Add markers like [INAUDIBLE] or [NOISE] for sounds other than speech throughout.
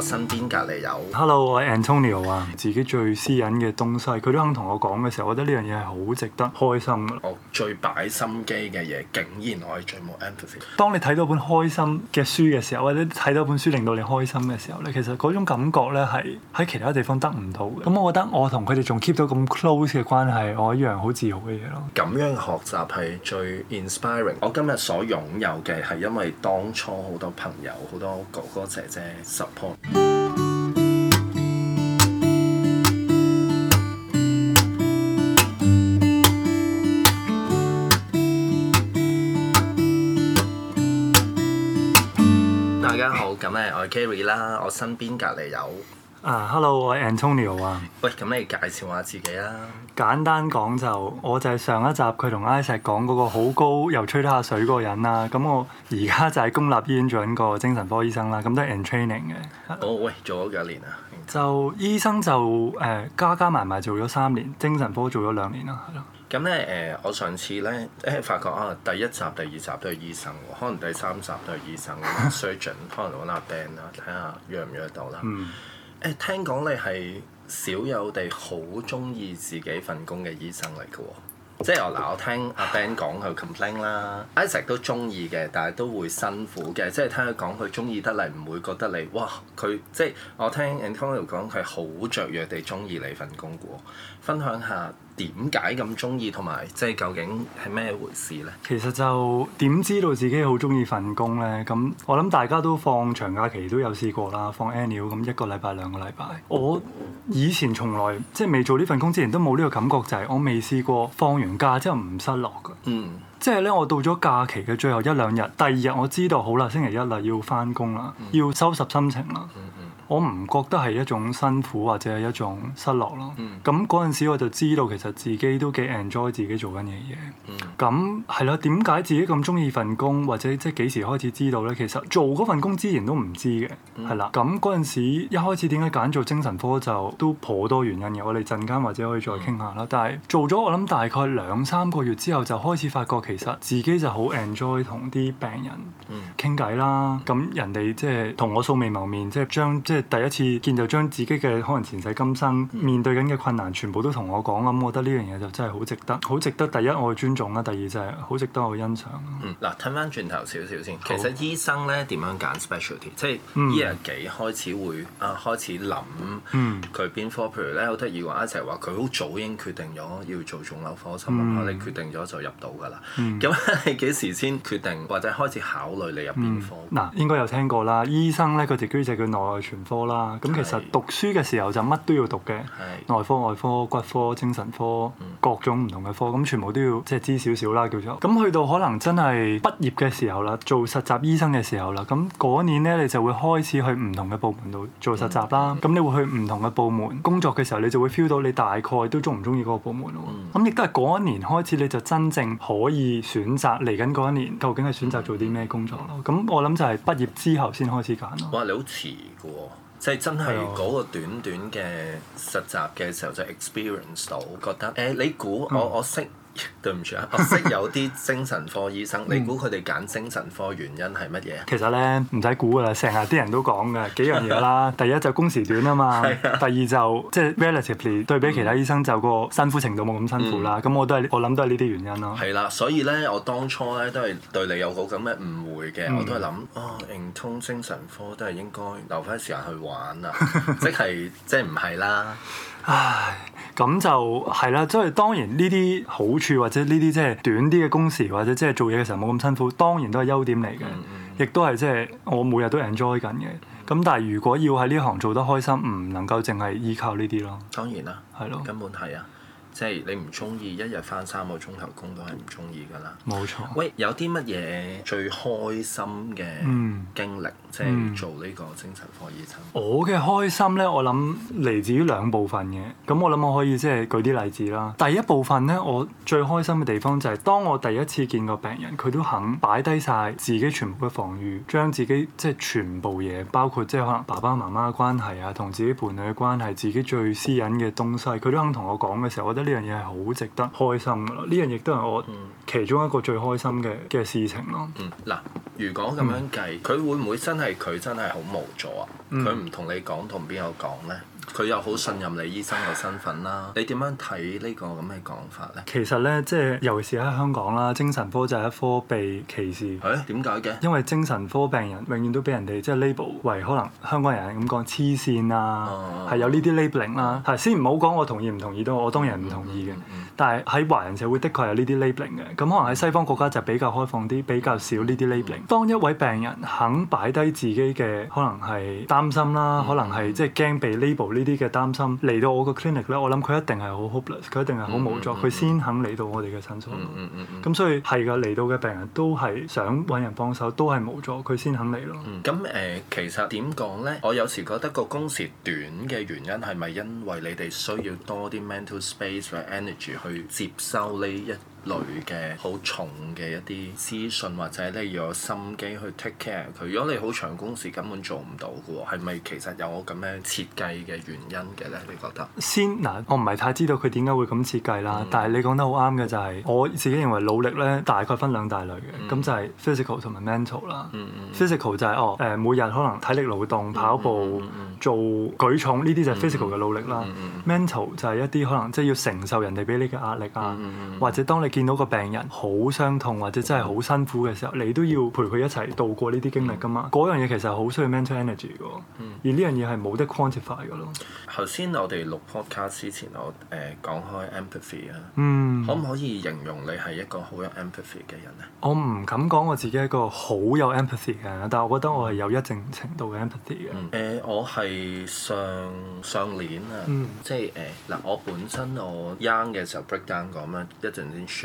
身邊隔離有 Hello，我係 Antonio 啊。 [LAUGHS] 自己最私隱嘅東西，佢都肯同我講嘅時候，我覺得呢樣嘢係好值得開心。我最擺心機嘅嘢，竟然我係最冇 empathy。當你睇到本開心嘅書嘅時候，或者睇到本書令到你開心嘅時候咧，其實嗰種感覺咧係喺其他地方得唔到嘅。咁我覺得我同佢哋仲 keep 到咁 close 嘅關係，我一樣好自豪嘅嘢咯。咁樣學習係最 inspiring。我今日所擁有嘅係因為當初好多朋友、好多哥哥姐姐 support。大家好，咁咧我係 Gary 啦，我身邊隔籬有。啊、uh，hello，我係 Antonio 啊。喂，咁你介紹下自己啦。簡單講就，我就係上一集佢同 I 石講嗰個好高 [LAUGHS] 又吹得下水嗰個人啦。咁我而家就喺公立醫院做緊個精神科醫生啦。咁都 in training 嘅。哦，喂，做咗幾年啊？就醫生就誒、呃、加加埋埋做咗三年，精神科做咗兩年啦。係咯。咁咧誒，我上次咧誒、欸、發覺啊，第一集、第二集都係醫生，可能第三集都係醫生 surgeon，可能揾下 band 啦，睇下約唔約到啦。 [LAUGHS] 誒聽講你係少有哋好中意自己份工嘅醫生嚟嘅喎，即係嗱我，我聽阿 Ben 講佢 complain 啦，Isaac 都中意嘅，但係都會辛苦嘅，即係聽佢講佢中意得嚟唔會覺得你哇，佢即係我聽 Antonio 講佢好雀躍地中意你份工嘅喎，分享下。點解咁中意同埋，即係究竟係咩回事呢？其實就點知道自己好中意份工呢？咁我諗大家都放長假期都有試過啦，放 annual 咁一個禮拜兩個禮拜。我以前從來即係未做呢份工之前都冇呢個感覺，就係、係、我未試過放完假之後唔失落㗎。嗯、即係咧，我到咗假期嘅最後一兩日，第二日我知道好啦，星期一啦，要翻工啦，嗯、要收拾心情啦。嗯我唔覺得係一種辛苦或者係一種失落咯。咁嗰陣時我就知道其實自己都幾 enjoy 自己做緊嘅嘢。咁係啦，點解自己咁中意份工或者即係幾時開始知道咧？其實做嗰份工之前都唔知嘅，係啦、嗯。咁嗰陣時一開始點解揀做精神科就都頗多原因嘅。我哋陣間或者可以再傾下啦。嗯、但係做咗我諗大概兩三個月之後就開始發覺其實自己就好 enjoy 同啲病人傾偈啦。咁、嗯、人哋即係同我素未謀面，即、就、係、係、將即、就係第一次見就將自己嘅可能前世今生面對緊嘅困難全部都同我講，咁、嗯、我覺得呢樣嘢就真係好值得，好值得。第一我尊重啦，第二就係、是、好值得我欣賞。嗱，睇翻轉頭少少先，其實醫生咧點樣揀 specialty，即係二廿幾開始會啊開始諗佢邊科。譬如咧，好得意話，阿陳話佢好早已經決定咗要做腫瘤科，差唔多你決定咗就入到㗎啦。咁、嗯、你幾時先決定或者開始考慮你入邊科？嗱、嗯，應該有聽過啦。醫生咧佢 degree 就叫內外全科啦，咁其實讀書嘅時候就乜都要讀嘅，的內科、外科、骨科、精神科，嗯、各種唔同嘅科，咁全部都要即係知少少啦，叫做。咁去到可能真係畢業嘅時候啦，做實習醫生嘅時候啦，咁嗰年咧你就會開始去唔同嘅部門度做實習啦。咁、嗯、你會去唔同嘅部門工作嘅時候，你就會 feel 到你大概都鍾唔鍾意嗰個部門咯。咁亦都係嗰一年開始，你就真正可以選擇嚟緊嗰一年究竟係選擇做啲咩工作咯。咁、嗯、我諗就係畢業之後先開始揀咯。哇，你好遲噶。即係真係嗰個短短嘅實習嘅時候就 experience 到，覺得誒、欸、你估我我識。嗯 [NOISE] 對唔住啊，我、哦、識有啲精神科醫生， [LAUGHS] 你估佢哋揀精神科原因係乜嘢？其實咧唔使估噶啦，成日啲人都講噶，幾樣嘢啦。第一就工時短啊嘛， [LAUGHS] 是啊第二就即、是、係、就是、relatively 對比其他醫生就個辛苦程度冇咁辛苦啦。咁、 [LAUGHS] 嗯、我都係我諗都係呢啲原因咯。係啦、啊，所以咧我當初咧都係對你有好咁嘅誤會嘅，我都係諗哦，認通精神科都係應該留翻時間去玩啊， [LAUGHS] 即係即係唔係啦。 [LAUGHS] 唉，咁就係啦，即係當然呢啲好處。或者呢啲即係短啲嘅工時，或者即係做嘢嘅時候冇咁辛苦，當然都係優點嚟嘅，亦都係即係我每日都 enjoy 緊嘅。咁但係如果要喺呢行做得開心，唔能夠淨係依靠呢啲咯。當然啦，係咯，根本係啊，即係你唔中意一日返三個鐘頭工都係唔中意噶啦。冇錯。喂，有啲乜嘢最開心嘅經歷？嗯即係做呢個精神科醫生，嗯、我嘅開心咧，我諗嚟自於兩部分嘅。咁我諗我可以即係舉啲例子啦。第一部分咧，我最開心嘅地方就係、是、當我第一次見個病人，佢都肯擺低晒自己全部嘅防禦，將自己即係全部嘢，包括即係可能爸爸媽媽嘅關係啊，同自己伴侶嘅關係，自己最私隱嘅東西，佢都肯同我講嘅時候，我覺得呢樣嘢係好值得開心。呢樣亦都係我其中一個最開心嘅嘅事情咯。嗱、嗯嗯，如果咁樣計，佢、嗯、會唔會真？係佢真係好無助啊！佢唔同你講，同邊個講咧？.佢又好信任你醫生嘅身份啦，你點樣睇呢個咁嘅講法咧？其實咧，即係尤其是喺香港啦，精神科就係一科被歧視。係、欸，點解嘅？因為精神科病人永遠都俾人哋即係 label，喂，可能香港人係咁講黐線啊，係、啊、有呢啲 labeling 啦、啊。係先唔好講，我同意唔同意都，我當然唔同意嘅。嗯嗯嗯，但係喺華人社會的確有呢啲 labeling 嘅，咁可能喺西方國家就比較開放啲，比較少呢啲 labeling。嗯、當一位病人肯擺低自己嘅，可能係擔心啦，嗯嗯可能係即係驚被 label。呢啲嘅擔心嚟到我個 clinic 咧，我諗佢一定係好 hopeless，佢一定係好冇助，佢、嗯嗯、先肯嚟到我哋嘅診所。咁、嗯嗯嗯、所以係噶，嚟到嘅病人都係想揾人幫手，都係冇助，佢先肯嚟咯。咁誒、嗯呃，其實點講咧？我有時覺得個工時短嘅原因係咪因為你哋需要多啲 mental space 或者 energy 去接收呢一？類嘅好重嘅一啲資訊，或者你要有心機去 take care 佢。如果你好長工時，根本做唔到㗎喎，係咪其實有我咁樣設計嘅原因嘅咧？你覺得？先嗱，我唔係太知道佢點解會咁設計啦。但係你講得好啱嘅就係，我自己認為努力咧，大概分兩大類嘅。咁就係 physical 同埋 mental 啦。physical 就係哦，誒每日可能體力勞動、跑步、做舉重呢啲就係 physical 嘅努力啦。mental 就係一啲可能即係要承受人哋俾你嘅壓力啊，或者當你，見到個病人好傷痛或者真係好辛苦嘅時候，你都要陪佢一齊度過呢啲經歷㗎嘛。嗰、嗯、樣嘢其實好需要 mental energy 嘅，嗯、而呢樣嘢係冇得 quantify 㗎咯。頭先我哋錄 podcast 之前，我誒、呃、講開 empathy 啊、嗯，可唔可以形容你係一個好有 empathy 嘅人咧？我唔敢講我自己係一個好有 empathy 嘅，但係我覺得我係有一定程度嘅 empathy 嘅、嗯。誒、嗯呃，我係上上年啊，嗯、即係誒嗱，我本身我 young 嘅時候 breakdown 講咩一陣先。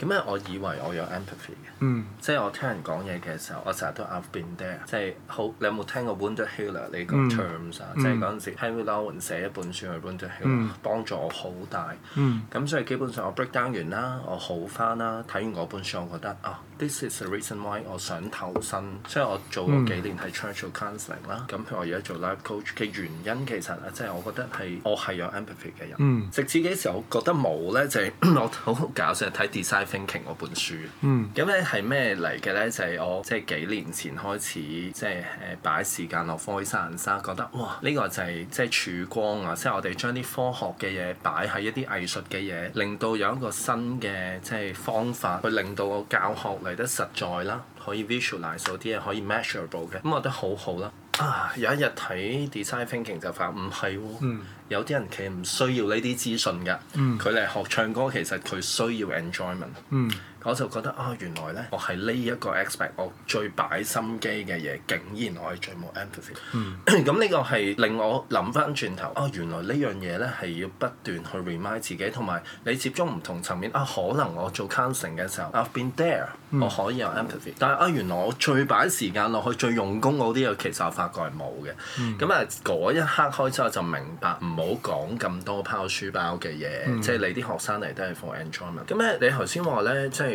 咁樣，我以為我有 empathy，mm. 即係我聽人講嘢嘅時候，我成日都 I've been there，即係好。你有冇聽過 Wounded Healer？呢個 terms 啊，mm. 即係嗰時 Henri Nouwen，寫一本書去 Wounded Healer，mm. 幫助我好大。咁、mm. 所以基本上我 breakdown 完啦，我好返啦。睇完嗰本書，我覺得啊。This is the reason why 我想投身，即係我做過幾年係 counselling 啦，咁、嗯、譬如我而家做 life coach 嘅原因其實即係、就是、我覺得係我係有 empathy 嘅人。嗯、直至幾時我覺得冇咧，就係、是、我好好 [COUGHS] 搞笑睇 [COUGHS] design thinking 嗰本書。咁咧係咩嚟嘅咧？就係、是、我即係、就是、幾年前開始，即係誒擺時間落火山沙，覺得哇呢、這個就係即係曙光啊！即、就、係、是、我哋將啲科學嘅嘢擺喺一啲藝術嘅嘢，令到有一個新嘅即係方法去令到個教學。嚟得實在啦，可以 visualize 嗰啲嘢，可以 measurable 嘅，咁我覺得好好啦。啊，有一日睇 design thinking 就發，唔係喎，嗯、有啲人其實唔需要呢啲資訊㗎。佢嚟、嗯、學唱歌，其實佢需要 enjoyment。嗯我就覺得啊、哦，原來咧，我係呢一個 expect，我最擺心機嘅嘢，竟然我係最冇 empathy。咁呢、嗯、 [COUGHS] 個係令我諗翻轉頭啊、哦，原來呢樣嘢咧係要不斷去 remind 自己，同埋你接觸唔同層面啊、哦。可能我做 counseling 嘅時候，I've been there、嗯、我可以有 empathy、嗯。但係啊、哦，原來我最擺時間落去、最用功嗰啲嘢，其實我發覺係冇嘅。咁啊、嗯，嗰一刻開始我就明白，唔好講咁多拋書包嘅嘢、嗯，即係你啲學生嚟都係 for enjoyment。咁咧，你頭先話咧，即係。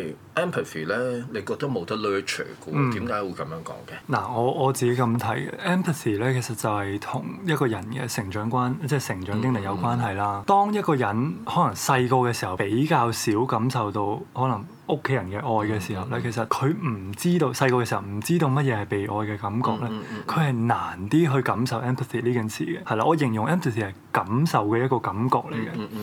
Empathy 咧，Empathy，你覺得冇得 learn 嘅喎？點解、嗯、會咁樣講嘅？嗱，我我自己咁睇嘅，empathy 咧，其實就係同一個人嘅成長關，即係成長經歷有關係啦。嗯嗯、當一個人可能細個嘅時候比較少感受到可能屋企人嘅愛嘅時候咧，嗯嗯、其實佢唔知道細個嘅時候唔知道乜嘢係被愛嘅感覺咧，佢係、嗯嗯嗯、難啲去感受 empathy 呢件事嘅。係啦，我形容 empathy 係感受嘅一個感覺嚟嘅，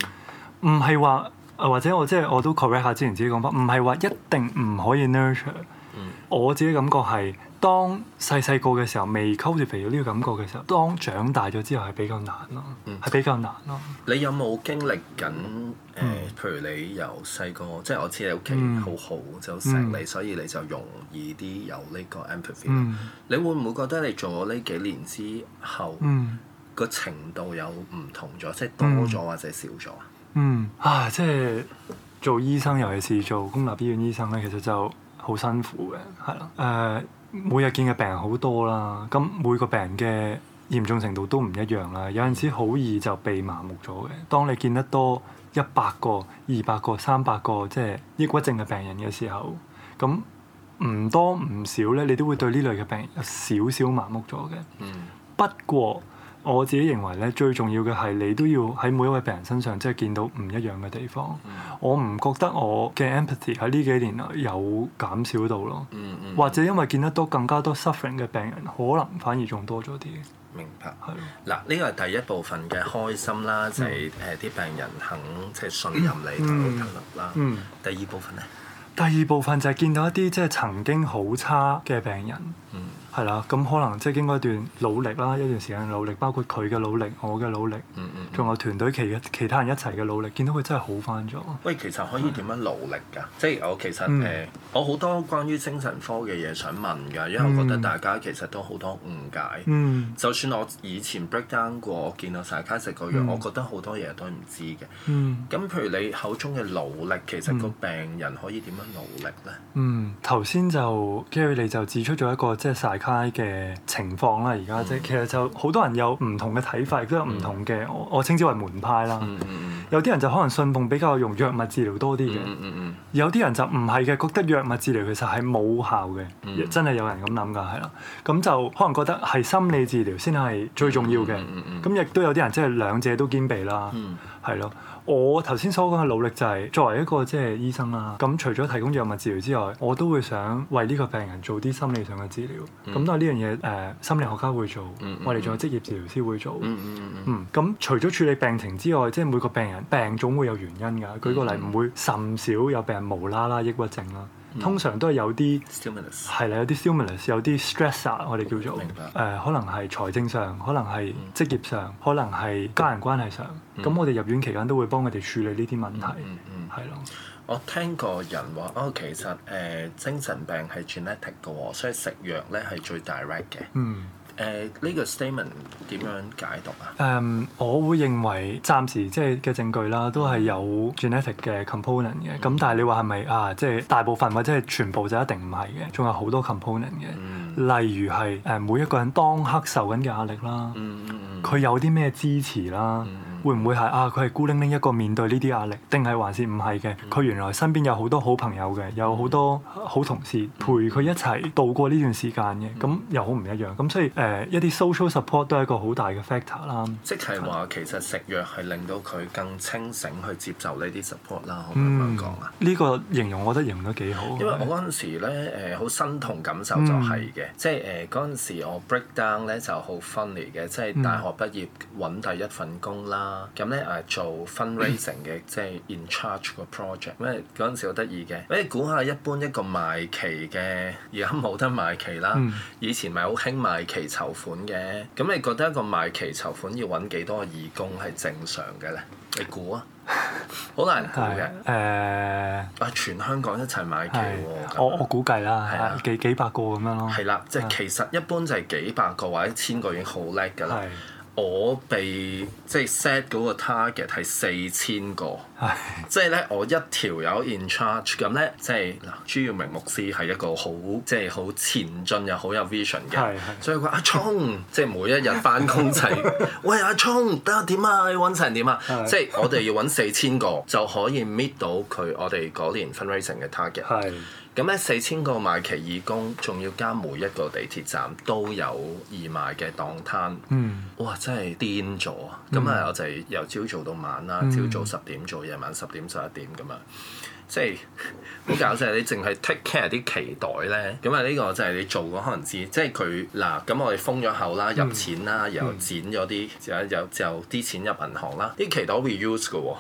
唔係話。嗯嗯嗯嗯誒或者我即係我都 correct 下之前自己講法，唔係話一定唔可以 nurture、嗯。我自己感覺係當細細個嘅時候未溝住肥咗呢個感覺嘅時候，當長大咗之後係比較難咯，係、嗯、比較難咯。你有冇經歷緊誒、呃？譬如你由細個，嗯、即係我知你屋企好好、嗯、就錫你，嗯、所以你就容易啲有呢個 empathy、嗯、你會唔會覺得你做咗呢幾年之後，個、嗯、程度有唔同咗，即係多咗或者少咗？嗯啊，即係做醫生，尤其是做公立醫院醫生咧，其實就好辛苦嘅，係咯。誒、呃，每日見嘅病人好多啦，咁每個病人嘅嚴重程度都唔一樣啦。有陣時好易就被麻木咗嘅。當你見得多一百個、二百個、三百個，即係抑鬱症嘅病人嘅時候，咁唔多唔少咧，你都會對呢類嘅病人有少少麻木咗嘅。嗯、不過。我自己認為咧，最重要嘅係你都要喺每一位病人身上即係、就是、見到唔一樣嘅地方。嗯、我唔覺得我嘅 empathy 喺呢幾年有減少到咯、嗯。嗯嗯。或者因為見得多更加多 suffering 嘅病人，可能反而仲多咗啲。明白。係咯。嗱，呢個係第一部分嘅開心啦，即係誒啲病人肯即係、就是、信任你同佢交流啦。嗯。第二部分咧？第二部分就係見到一啲即係曾經好差嘅病人。嗯。係啦，咁可能即係經過一段努力啦，一段時間努力，包括佢嘅努力，我嘅努力，仲、嗯嗯、有團隊其其他人一齊嘅努力，見到佢真係好翻咗。喂，其實可以點樣努力㗎？的即係我其實誒、嗯呃，我好多關於精神科嘅嘢想問㗎，因為我覺得大家其實都好多誤解。嗯、就算我以前 breakdown 過，我見到曬卡食過藥，我覺得好多嘢都唔知嘅。咁、嗯、譬如你口中嘅努力，其實個病人可以點樣努力咧？嗯，頭先就跟住你就指出咗一個即係曬卡，嘅情況啦，而家即係其實就好多人有唔同嘅睇法，都有唔同嘅我、嗯、我稱之為門派啦。嗯嗯、有啲人就可能信奉比較用藥物治療多啲嘅，嗯嗯嗯、有啲人就唔係嘅，覺得藥物治療其實係冇效嘅，嗯、真係有人咁諗㗎，係啦。咁就可能覺得係心理治療先係最重要嘅。咁亦都有啲人即係、就是、兩者都兼備啦，係咯、嗯。嗯嗯嗯我頭先所講嘅努力就係、是、作為一個即係醫生啦，咁除咗提供藥物治療之外，我都會想為呢個病人做啲心理上嘅治療。咁、嗯、當然呢樣嘢誒，心理學家會做，我哋仲有職業治療師會做。咁、嗯嗯嗯嗯嗯、除咗處理病情之外，即係每個病人病總會有原因㗎。嗯嗯、舉個例，唔會甚少有病人無啦啦抑鬱症啦。通常都係有啲係啦，有啲 stimulus 有啲 stress 我哋叫做誒明白、呃，可能係財政上，可能係職業上，嗯、可能係家人關係上。咁、嗯、我哋入院期間都會幫佢哋處理呢啲問題，係咯。我聽過人話，哦，其實誒、呃、精神病係 genetic 嘅喎，所以食藥咧係最 direct 嘅。嗯。誒呢、呃呢個 statement 點樣解讀啊？誒，um, 我會認為暫時即係嘅證據啦，都係有 genetic 嘅 component 嘅。咁但係你話係咪啊？即、就、係、是、大部分或者係全部就一定唔係嘅，仲有好多 component 嘅。嗯、例如係誒，每一個人當刻受緊嘅壓力啦，佢、嗯嗯嗯、有啲咩支持啦？嗯會唔會係啊？佢係孤零零一個面對呢啲壓力，定係還是唔係嘅？佢、嗯、原來身邊有好多好朋友嘅，有好多好同事陪佢一齊度過呢段時間嘅，咁、嗯、又好唔一樣。咁所以誒、呃，一啲 social support 都係一個好大嘅 factor 啦。即係話其實食藥係令到佢更清醒去接受呢啲 support 啦，我咁樣講啊。呢個形容我覺得形容得幾好。因為我嗰陣時咧誒，好身同感受就係嘅，嗯、即係誒嗰陣時我 breakdown 咧就好 funny 嘅，即係大學畢業揾第一份工啦。咁咧誒做 fundraising 嘅，嗯、即係 in charge 個 project，因為嗰時好得意嘅。你估下一般一個賣旗嘅，而家冇得賣旗啦，嗯、以前咪好興賣旗籌款嘅。咁你覺得一個賣旗籌款要揾幾多個義工係正常嘅咧？你估啊？好 [LAUGHS] 難估嘅。誒啊是！全香港一齊賣旗喎。是樣我我估計啦，啊、幾幾百個咁樣咯。係啦、啊，即係其實一般就係幾百個或者千個已經好叻㗎啦。的我被即係 set 嗰個 target 係四千個， [LAUGHS] 即係咧我一條友 in charge 咁咧，即係嗱，朱耀明牧師係一個好即係好前進又好有 vision 嘅，所以佢話阿聰即係每一日翻工仔， [LAUGHS] 喂阿聰，得點啊？你揾成點啊？ [LAUGHS] 即係我哋要揾四千個 [LAUGHS] 就可以 meet 到佢我哋嗰年 fundraising 嘅 target。 [LAUGHS] [LAUGHS] 咁咧四千個賣旗義工，仲要加每一個地鐵站都有義賣嘅檔攤，嗯、哇！真係癲咗咁啊，嗯、我就由朝做到晚啦，朝、嗯、早十點做夜，夜晚十點十一點咁啊。即係好搞笑，你淨係 take care 啲錢袋咧，咁啊呢個就係你做嘅可能知，即係佢嗱，咁我哋封咗口啦，入錢啦，嗯、然後剪咗啲、嗯，就後啲錢入銀行啦，啲錢袋 reuse 嘅喎，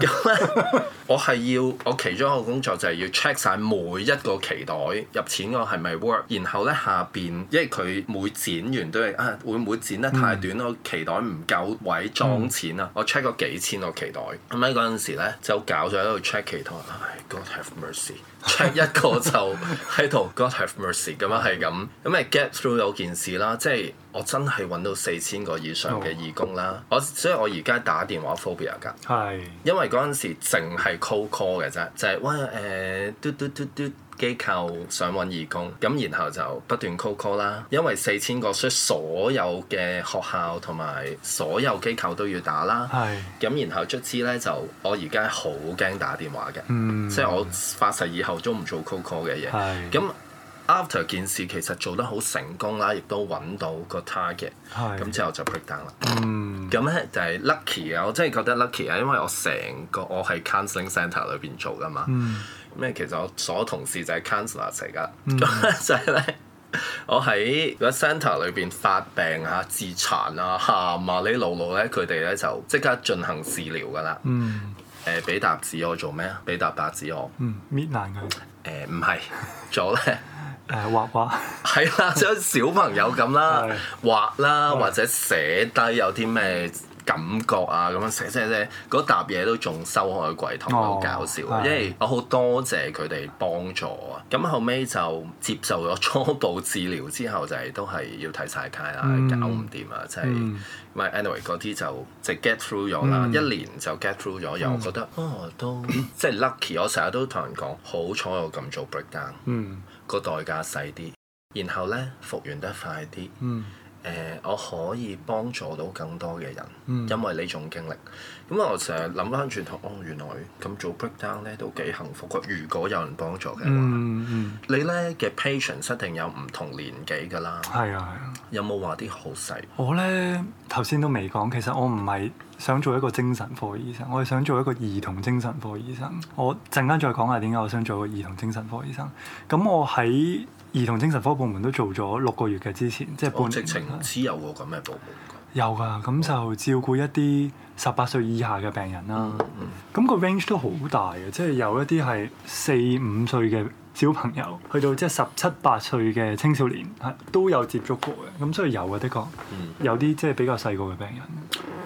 咁咧 [LAUGHS] 我係要我其中一個工作就係要 check 晒每一個錢袋入錢個係咪 work，然後咧下邊因為佢每剪完都係啊會唔會剪得太短咯，嗯、錢袋唔夠位裝錢啊，嗯、我 check 過幾千個錢袋。咁喺嗰陣時咧就搞咗喺度 check 錢袋。God have mercy，一個就喺度 God have mercy 咁樣係咁，咁咪 get through 有件事啦，即係我真係揾到四千個以上嘅義工啦，我所以我而家打電話 Phobia 㗎，係因為嗰陣時淨係 call call 嘅啫，就係喂誒嘟嘟嘟嘟。機構想揾義工，咁然後就不斷 coco 啦。因為四千個所以，所有嘅學校同埋所有機構都要打啦。係是。咁然後卒之呢，就，我而家好驚打電話嘅。嗯。即係我發誓以後都唔做 coco 嘅嘢。係是。咁 after 件事其實做得好成功啦，亦都揾到個 target 是。咁之後就 break down 啦。嗯。咁呢就係 lucky 啊，我真係覺得 lucky 啊，因為我成個我喺 counseling center 裏邊做噶嘛。嗯咩？其實我所有同事就係 cancer 啊，成日咁咧就係咧，我喺個 centre 裏邊發病啊、自殘啊、喊啊，你路路咧佢哋咧就即刻進行治療噶啦。嗯。誒、呃，畀沓紙我做咩啊？畀沓白紙我，搣爛佢。誒，唔係，做咧誒，畫畫。係 [LAUGHS] 啦，像小朋友咁啦， [LAUGHS] 畫啦，的或者寫低有啲咩？感覺啊，咁樣啫啫啫，嗰沓嘢都仲收喺櫃筒，好搞笑。啊是！因為我好多謝佢哋幫助啊。咁後尾就接受咗初步治療之後，就係、是、都係要睇晒街啦，嗯、搞唔掂啊，即、就、係、是。唔、嗯、anyway，嗰啲就就 get through 咗啦。嗯、一年就 get through 咗，又覺得、嗯、哦都即係 lucky。我成日都同 [LAUGHS] 人講，好彩我咁早 breakdown，個、嗯、代價細啲，然後咧復原得快啲。誒、呃、我可以幫助到更多嘅人，嗯、因為呢種經歷。咁我成日諗返轉頭，哦原來咁做 breakdown 咧都幾幸福。如果有人幫助嘅話，嗯嗯、你咧嘅 patient 一定有唔同年紀㗎啦。係啊係啊。有冇話啲好細？我咧頭先都未講，其實我唔係想做一個精神科醫生，我係想做一個兒童精神科醫生。我陣間再講下點解我想做一個兒童精神科醫生。咁我喺兒童精神科部門都做咗六個月嘅之前，即係半、哦、直程。似有個咁嘅部門，有㗎。咁就照顧一啲十八歲以下嘅病人啦。咁、嗯嗯、個 range 都好大嘅，即係有一啲係四五歲嘅小朋友，去到即係十七八歲嘅青少年，都有接觸過嘅。咁所以有嘅，的確有啲。嗯、有啲即係比較細個嘅病人。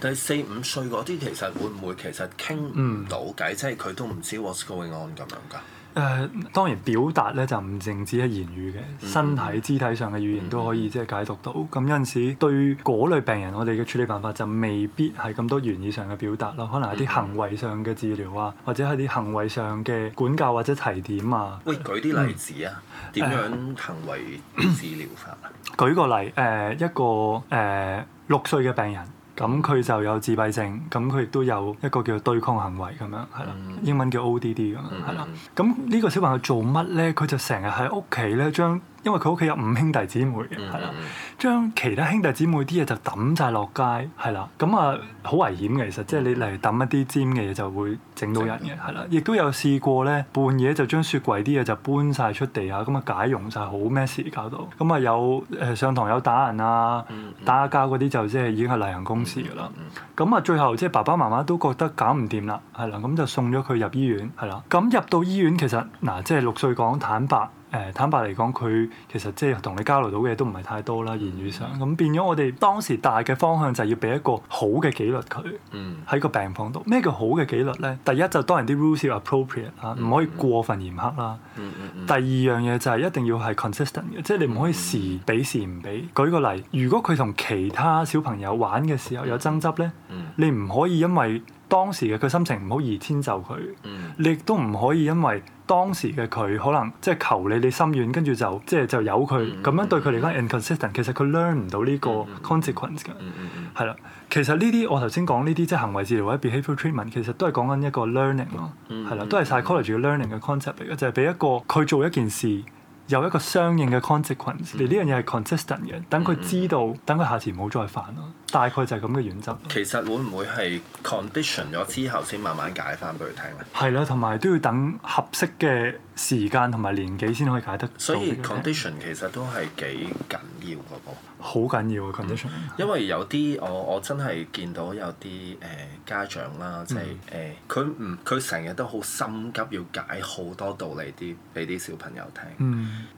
第四五歲嗰啲其實會唔會其實傾唔到偈，嗯、即係佢都唔知 what's going on 咁樣㗎？誒、呃、當然表達咧就唔淨止係言語嘅，嗯、身體肢體上嘅語言都可以即係解讀到。咁、嗯、有陣時對嗰類病人，我哋嘅處理辦法就未必係咁多語言上嘅表達咯，可能係啲行為上嘅治療啊，或者係啲行為上嘅管教或者提點啊。喂，舉啲例子啊，點、嗯、樣行為治療法啊、呃呃呃？舉個例，誒、呃、一個誒、呃、六歲嘅病人。咁佢就有自閉症，咁佢亦都有一個叫對抗行為咁樣，係啦，mm hmm. 英文叫 ODD 咁樣，係啦、mm。咁、hmm. 呢個小朋友做乜咧？佢就成日喺屋企咧將。因為佢屋企有五兄弟姊妹嘅，係啦、mm，將、hmm. 其他兄弟姊妹啲嘢就抌晒落街，係啦，咁啊好危險嘅，其實、mm hmm. 即係你例如抌一啲尖嘅嘢就會整到人嘅，係啦，亦都有試過咧，半夜就將雪櫃啲嘢就搬晒出地下，咁啊解融晒。好咩事搞到，咁啊有誒上堂有打人啊，mm hmm. 打架嗰啲就即係已經係例行公事㗎啦，咁啊、mm hmm. 最後即係爸爸媽媽都覺得搞唔掂啦，係啦，咁就送咗佢入醫院，係啦，咁入到醫院其實嗱即係六歲講坦白，白。誒坦白嚟講，佢其實即係同你交流到嘅嘢都唔係太多啦，言語上。咁變咗我哋當時大嘅方向就係要俾一個好嘅紀律佢，喺、嗯、個病房度。咩叫好嘅紀律咧？第一就當然啲 rules 要 appropriate 嚇、嗯，唔可以過分嚴刻啦。嗯嗯嗯、第二樣嘢就係一定要係 consistent 嘅、嗯，即係你唔可以時俾時唔俾。舉個例，如果佢同其他小朋友玩嘅時候有爭執咧，嗯、你唔可以因為當時嘅佢心情唔好，而遷就佢，mm hmm. 你亦都唔可以因為當時嘅佢可能即係求你，你心軟，跟住就即係就由佢，咁樣對佢嚟講 inconsistent。其實佢 learn 唔到呢個 consequence 㗎，係啦。其實呢啲我頭先講呢啲即係行為治療或者 behavioral treatment，其實都係講緊一個 learning 咯，係啦，都係 psychology 嘅 learning 嘅 concept 嚟嘅，就係、是、俾一個佢做一件事有一個相應嘅 consequence、mm。你、hmm. 呢樣嘢係 consistent 嘅，等佢知道，等佢下次唔好再犯咯。大概就係咁嘅原則，其實會唔會係 condition 咗之後先慢慢解翻俾佢聽咧？係啦，同 [NOISE] 埋都要等合適嘅時間同埋年紀先可以解得。所以 condition 其實都係幾緊要嘅噃。好緊 [NOISE] 要嘅 condition！、嗯、因為有啲我我真係見到有啲誒、呃、家長啦，即係誒佢唔佢成日都好心急要解好多道理啲俾啲小朋友聽。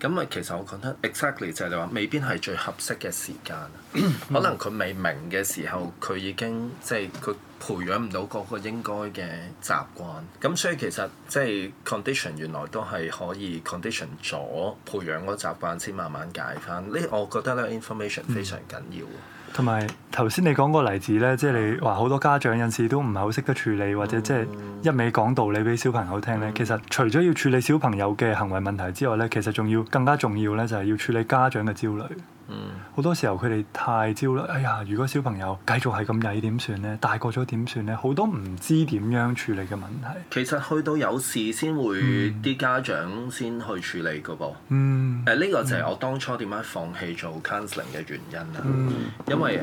咁啊、嗯，其實我覺得 exactly 就係你話未必係最合適嘅時間，嗯嗯、可能佢未明。嘅時候，佢已經即係佢培養唔到嗰個應該嘅習慣，咁所以其實即係 condition 原來都係可以 condition 咗培養嗰習慣先慢慢解翻。呢、呢個，我覺得呢 information 非常緊要。同埋頭先你講個例子咧，即係你話好多家長有陣時都唔係好識得處理，或者即係一味講道理俾小朋友聽咧。嗯、其實除咗要處理小朋友嘅行為問題之外咧，其實仲要更加重要咧，就係要處理家長嘅焦慮。好、嗯、多時候佢哋太焦啦，哎呀！如果小朋友繼續係咁曳點算咧？大個咗點算咧？好多唔知點樣處理嘅問題。其實去到有事先會啲、嗯、家長先去處理噶噃。嗯。誒呢、呃這個就係我當初點解放棄做 counseling 嘅原因啦、啊。嗯、因為誒唔、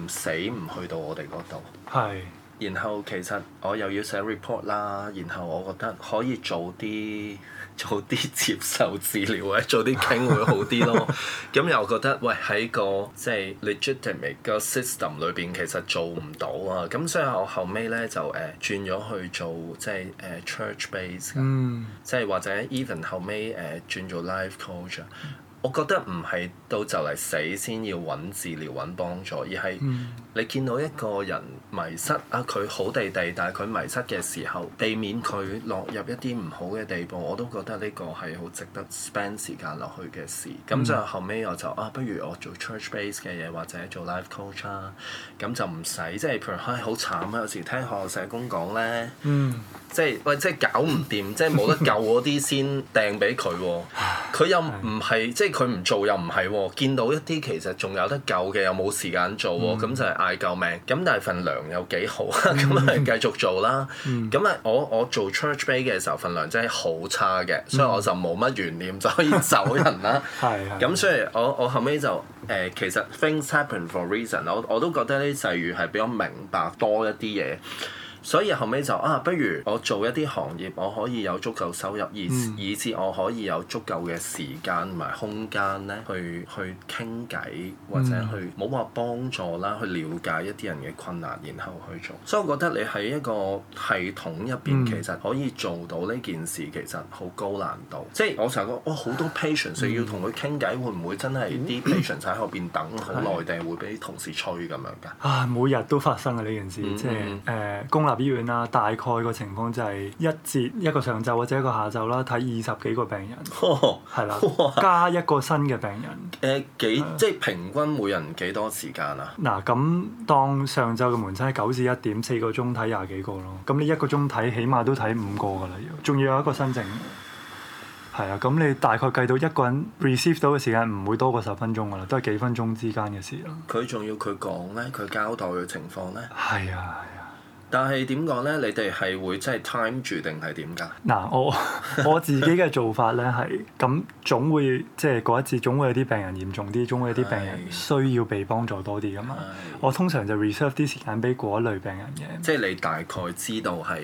呃、死唔去到我哋嗰度。係是。然後其實我又要寫 report 啦，然後我覺得可以做啲。做啲接受治療或者做啲傾會好啲咯。咁 [LAUGHS] 又覺得喂喺個即係、就是、legitimate 個 system 裏邊其實做唔到啊。咁所以我後尾咧就誒、呃、轉咗去做即係誒 church base 嘅，即係、呃 mm. 或者 even 後尾誒、呃、轉做 life coach。我覺得唔係到就嚟死先要揾治療揾幫助，而係你見到一個人迷失啊，佢好地地，但係佢迷失嘅時候，避免佢落入一啲唔好嘅地步，我都覺得呢個係好值得 spend 時間落去嘅事。咁、嗯、就後尾，我就啊，不如我做 church base 嘅嘢，或者做 life coach 啊，咁就唔使即係譬如，唉、哎，好慘啊！有時聽學校社工講咧，即係喂，即係、即係哎即係、搞唔掂，即係冇得救嗰啲先掟俾佢，佢又唔係即係。 [LAUGHS] 佢唔做又唔係喎，見到一啲其實仲有得救嘅又冇時間做喎、哦，咁、嗯、就係嗌救命。咁但係份糧有幾好啊？咁咪、嗯、 [LAUGHS] 繼續做啦。咁啊、嗯，我我做 church base 嘅時候份糧真係好差嘅，所以我就冇乜懸念就可以走人啦。係咁、嗯、 [LAUGHS] 的所以我我後尾就誒、呃，其實 things happen for reason 我。我我都覺得呢啲際遇係比較明白多一啲嘢。所以後尾就啊，不如我做一啲行業，我可以有足夠收入，以、嗯、以至我可以有足夠嘅時間同埋空間咧，去去傾偈或者去冇話幫助啦，去了解一啲人嘅困難，然後去做。所以我覺得你喺一個系統入邊，嗯、其實可以做到呢件事，其實好高難度。即係我成日講，哇、哦、好多 patients，成日要同佢傾偈，嗯、會唔會真係啲 patients 喺後邊等好耐定會俾同事催咁樣㗎？啊，每日都發生啊呢件事，即係誒醫院啦，大概個情況就係一節一個上晝或者一個下晝啦，睇二十幾個病人，係啦，加一個新嘅病人。誒、呃，幾的即係平均每人幾多時間啊？嗱、啊，咁當上晝嘅門診係九至一點四個鐘睇廿幾個咯。咁你一個鐘睇起碼都睇五個噶啦，仲要有一個新症。係啊，咁你大概計到一個人 receive 到嘅時間唔會多過十分鐘噶啦，都係幾分鐘之間嘅事咯。佢仲要佢講咧，佢交代嘅情況咧。係啊。但係點講咧？你哋係會即係 time 註定係點㗎？嗱，我我自己嘅做法咧係咁， [LAUGHS] 總會即係嗰一次總會有啲病人嚴重啲，總會有啲病人需要被幫助多啲噶嘛。的我通常就 reserve 啲時間俾嗰一類病人嘅。即係你大概知道係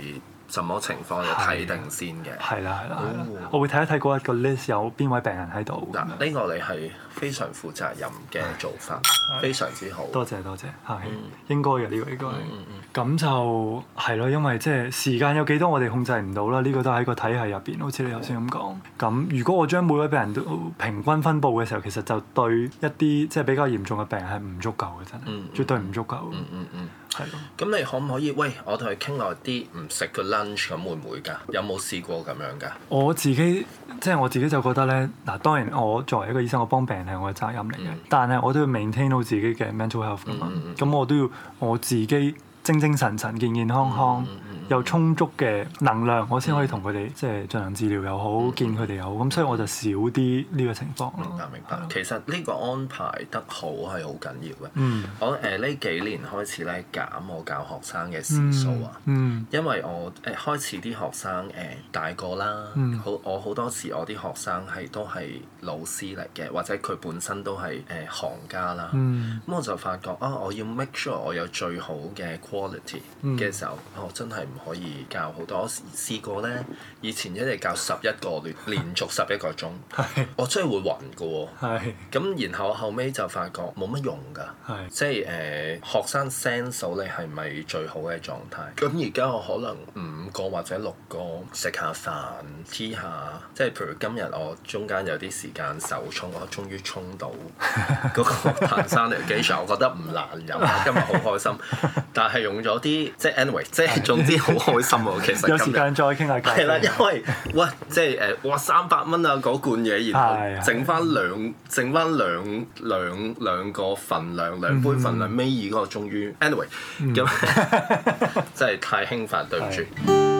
什麼情況就睇、嗯、定先嘅。係啦係啦，我會睇一睇嗰一個 list 有邊位病人喺度。嗱，呢個你係。非常負責任嘅做法，哎、非常之好。多謝多謝，係、嗯、應該嘅呢、呢個應該。咁、嗯嗯嗯、就係咯，因為即係、即係、時間有幾多，我哋控制唔到啦。呢、呢個都喺個體系入邊，好似你頭先咁講。咁好如果我將每位病人都平均分布嘅時候，其實就對一啲即係比較嚴重嘅病係唔足夠嘅，真係、嗯，嗯、絕對唔足夠嗯。嗯嗯嗯，係咯吧。咁你可唔可以？喂，我同佢傾落啲，唔食個 lunch，咁會唔會㗎？有冇試過咁樣㗎？我自己即係、即係、我自己就覺得咧，嗱，當然我作為一個醫生，我幫病。係我嘅責任嚟嘅，但係我都要 maintain 到自己嘅 mental health 咁嘛，咁我都要我自己精精神神、健健康康。 [MUSIC] 有充足嘅能量，我先可以同佢哋即係進行治療又好，見佢哋又好，咁所以我就少啲呢個情況。明白，明白。啊、其實呢個安排得好係好緊要嘅。嗯、我誒呢、呃、幾年開始咧減我教學生嘅時數啊，嗯嗯、因為我誒、呃、開始啲學生誒、呃、大個啦，好、嗯、我好多時我啲學生係都係老師嚟嘅，或者佢本身都係誒、呃、行家啦。咁、嗯、我就發覺啊、哦，我要 make sure 我有最好嘅 quality 嘅時候，我真係，可以教好多，試過咧，以前一直教十一個連連續十一個鐘，的我真係會暈嘅喎。咁的然後後尾就發覺冇乜用㗎，的即係誒、呃、學生 sense 你係咪最好嘅狀態，咁而家我可能五個或者六個食下飯黐下，即係譬如今日我中間有啲時間手沖，我終於沖到個個行山嘅機場，我覺得唔難飲，今日好開心，但係用咗啲即係 anyway，即係總之。 [LAUGHS] 好開心喎， [LAUGHS] 其實有時間再傾下偈。係啦，因為哇，即係誒，哇三百蚊啊，嗰罐嘢，然後剩翻兩， [LAUGHS] 兩，剩翻兩兩兩個份量，兩杯份量，尾二 [LAUGHS] 個終於。Anyway，咁 [LAUGHS] [LAUGHS] [LAUGHS] 真係太興奮，對唔住。 [LAUGHS]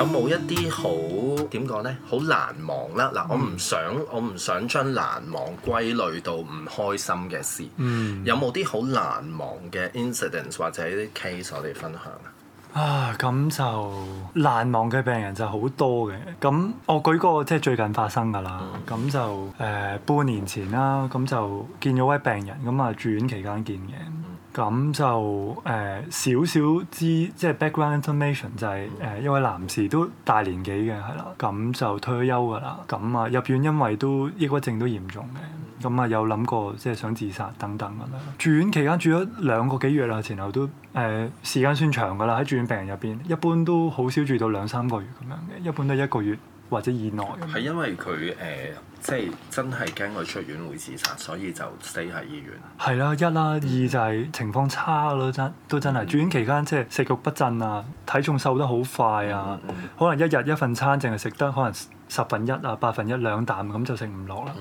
有冇一啲好，點講呢？好難忘啦！嗱、嗯，我唔想我唔想將難忘歸類到唔開心嘅事。嗯，有冇啲好難忘嘅 incidents 或者啲 case 我哋分享啊？啊，咁就難忘嘅病人就好多嘅。咁我舉個即係最近發生㗎啦。咁、嗯、就誒、呃、半年前啦，咁就見咗位病人，咁啊住院期間見嘅。咁就誒少少知，即係 background information 就係、是、誒、呃、一位男士都大年紀嘅，係啦，咁就退咗休㗎啦，咁啊入院因為都抑鬱症都嚴重嘅，咁啊有諗過即係想自殺等等咁樣。住院期間住咗兩個幾月啦，前後都誒、呃、時間算長㗎啦，喺住院病人入邊一般都好少住到兩三個月咁樣嘅，一般都係一個月。或者意外係因為佢誒、呃，即係真係驚佢出院會自殺，所以就 stay 喺醫院。係啦，一啦，嗯、二就係情況差咯，真都真係住院期間即係食欲不振啊，體重瘦得好快啊，嗯嗯可能一日一份餐，淨係食得可能十分一啊、八分一兩啖咁就食唔落啦。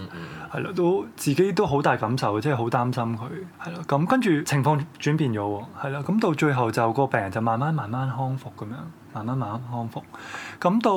係咯、嗯嗯，都自己都好大感受即係好擔心佢。係咯，咁跟住情況轉變咗喎，係啦，咁到最後就個病人就慢慢慢慢康復咁樣。慢慢慢慢康復，咁到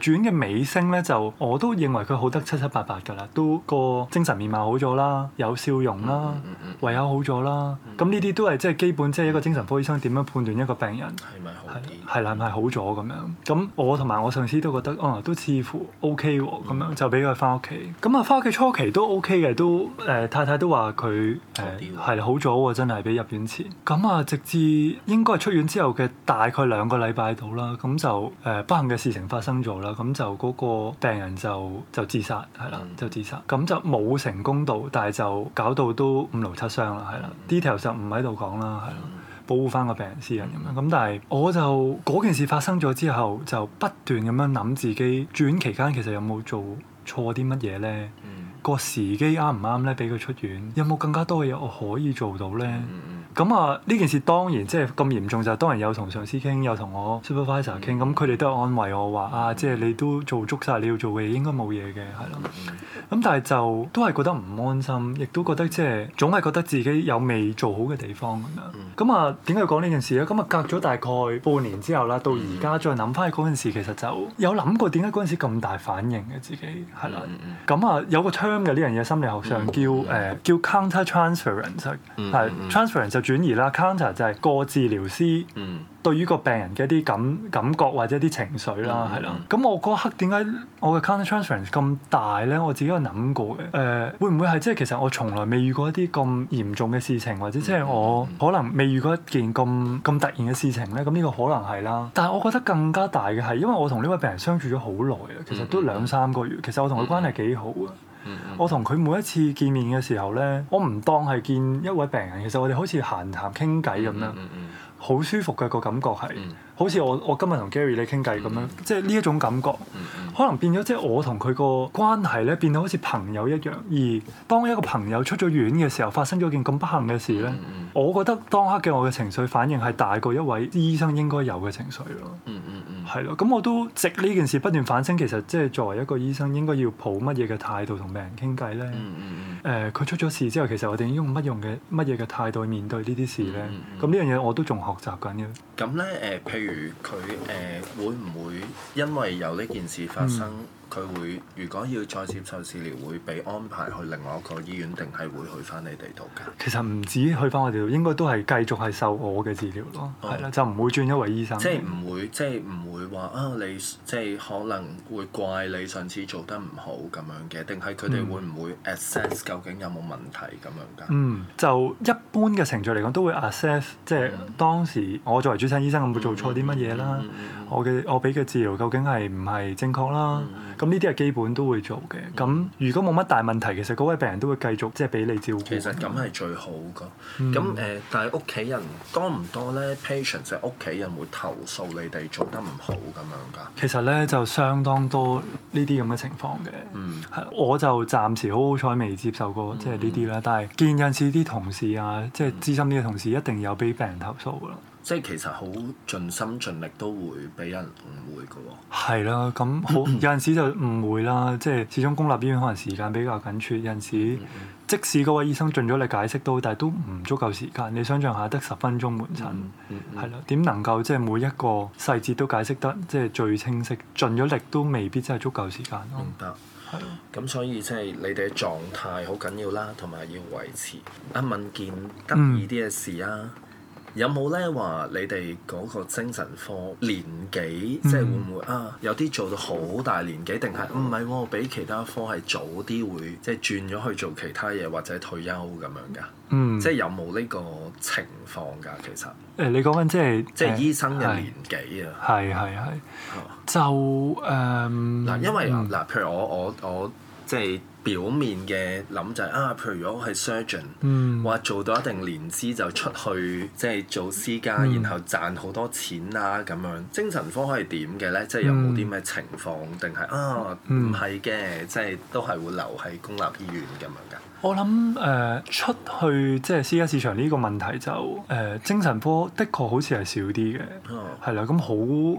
住院嘅尾聲咧，就我都認為佢好得七七八八噶啦，都個精神面貌好咗啦，有笑容啦，胃口、嗯嗯嗯嗯、好咗啦。咁呢啲都係即係基本，即係一個精神科醫生點樣判斷一個病人係咪好啲，係唔係好咗咁樣？咁我同埋我上司都覺得，哦，都似乎 OK 喎，咁樣就俾佢翻屋企。咁啊，翻屋企初期都 OK 嘅，都誒、呃、太太都話佢係好咗喎，真係比入院前。咁啊，直至應該係出院之後嘅大概兩個禮拜度。啦，咁就誒、呃、不幸嘅事情發生咗啦，咁就嗰個病人就就自殺，係啦，就自殺，咁就冇成功到，但係就搞到都五勞七傷啦，係啦，detail 就唔喺度講啦，係啦，保護翻個病人私隱咁樣，咁但係我就嗰件事發生咗之後，就不斷咁樣諗自己住院期間其實有冇做錯啲乜嘢咧？嗯、個時機啱唔啱咧？俾佢出院有冇更加多嘅嘢我可以做到咧？嗯咁啊！呢、嗯、件事當然即係咁嚴重，就是，當然有同上司傾，有同我 supervisor、er、傾，咁佢哋都有安慰我話啊，即係你都做足晒你要做嘅嘢，應該冇嘢嘅，係啦。咁但係就都係覺得唔安心，亦都覺得即係總係覺得自己有未做好嘅地方咁樣。咁啊，點解要講呢件事咧？咁啊，隔咗大概半年之後啦，到而家再諗翻去陣時其實就有諗過點解陣時咁大反應嘅自己係啦。咁啊，有個 term 嘅呢樣嘢，心理學上叫誒、呃、叫 countertransference，係 transference。Trans ference, 轉移啦，counter 就係個治療師對於個病人嘅一啲感感覺或者一啲情緒啦，係咯、嗯。咁我嗰刻點解我嘅 counter transference 咁大咧？我自己有諗過嘅。誒、呃，會唔會係即係其實我從來未遇過一啲咁嚴重嘅事情，或者即係我可能未遇過一件咁咁突然嘅事情咧？咁呢個可能係啦、啊。但係我覺得更加大嘅係，因為我同呢位病人相處咗好耐啊，其實都兩三個月，其實我同佢關係幾好啊。我同佢每一次見面嘅時候咧，我唔當係見一位病人，其實我哋好似閒談傾偈咁樣，好 [NOISE] 舒服嘅個感覺係。 [NOISE] 好似我我今日同 Gary 你傾偈咁樣，即係呢一種感覺可能變咗即係我同佢個關係咧變到好似朋友一樣。而當一個朋友出咗院嘅時候，發生咗件咁不幸嘅事咧，我覺得當刻嘅我嘅情緒反應係大過一位醫生應該有嘅情緒咯。嗯嗯嗯，係咯。咁我都藉呢件事不斷反省，其實即係作為一個醫生應該要抱乜嘢嘅態度同病人傾偈咧？嗯嗯嗯。誒，佢出咗事之後，其實我哋應該用乜用嘅乜嘢嘅態度去面對呢啲事咧？咁呢樣嘢我都仲學習緊嘅。咁咧誒。譬如。如佢誒會唔會因為有呢件事發生？嗯佢會如果要再接受治療，會被安排去另外一個醫院，定係會去返你哋度㗎？其實唔止去返我哋度，應該都係繼續係受我嘅治療咯。係啦、哦，就唔會轉一位醫生。即係唔會，即係唔會話啊！你即係可能會怪你上次做得唔好咁樣嘅，定係佢哋會唔會 assess 究竟有冇問題咁樣㗎？嗯、嗯，就一般嘅程序嚟講，都會 assess，即係當時我作為主診醫生，我會做錯啲乜嘢啦？我嘅我俾嘅治療究竟係唔係正確啦？嗯嗯嗯咁呢啲係基本都會做嘅。咁、嗯、如果冇乜大問題，其實嗰位病人都會繼續即係俾你照顧。其實咁係最好噶。咁誒、嗯呃，但係屋企人多唔多咧？Patient 即係屋企人會投訴你哋做得唔好咁樣㗎？其實咧、嗯、就相當多呢啲咁嘅情況嘅。係、嗯，我就暫時好好彩未接受過即係呢啲啦。嗯、但係見有陣時啲同事啊，即係資深啲嘅同事一定有俾病人投訴㗎啦。即係其實好盡心盡力都會俾人誤會嘅喎、哦啊。係啦，咁好有陣時就誤會啦。 [COUGHS] 即係始終公立醫院可能時間比較緊缺，有陣時 [COUGHS] 即使嗰位醫生盡咗力解釋都，但係都唔足夠時間。你想像下，得十分鐘門診，係啦，點、 [COUGHS] 啊、能夠即係每一個細節都解釋得即係最清晰？盡咗力都未必真係足夠時間。明白。係。咁所以即係你哋嘅狀態好緊要啦，同埋要維持、啊、一問件得意啲嘅事啊。 [COUGHS] [COUGHS] [COUGHS] 有冇咧話你哋嗰個精神科年紀，嗯、即係會唔會啊？有啲做到好大年紀，定係唔係？嗯嗯、我比其他科係早啲會即係轉咗去做其他嘢，或者退休咁樣噶？嗯、即係有冇呢個情況㗎？其實誒、呃，你講緊、就係、即係即係醫生嘅年紀啊？係係係。就誒嗱，因為嗱，譬如我我我、我即係。表面嘅諗就係、是、啊，譬如如果係 surgeon，話、嗯、做到一定年資就出去即係、就是、做私家，嗯、然後賺好多錢啊。咁樣。精神科係點嘅咧？即、就、係、是、有冇啲咩情況，定係、嗯、啊唔係嘅，即係、嗯就是、都係會留喺公立醫院嘅咁樣㗎。我諗誒、呃、出去即係、就是、私家市場呢個問題就誒、呃、精神科的確好似係少啲嘅，係啦、哦，咁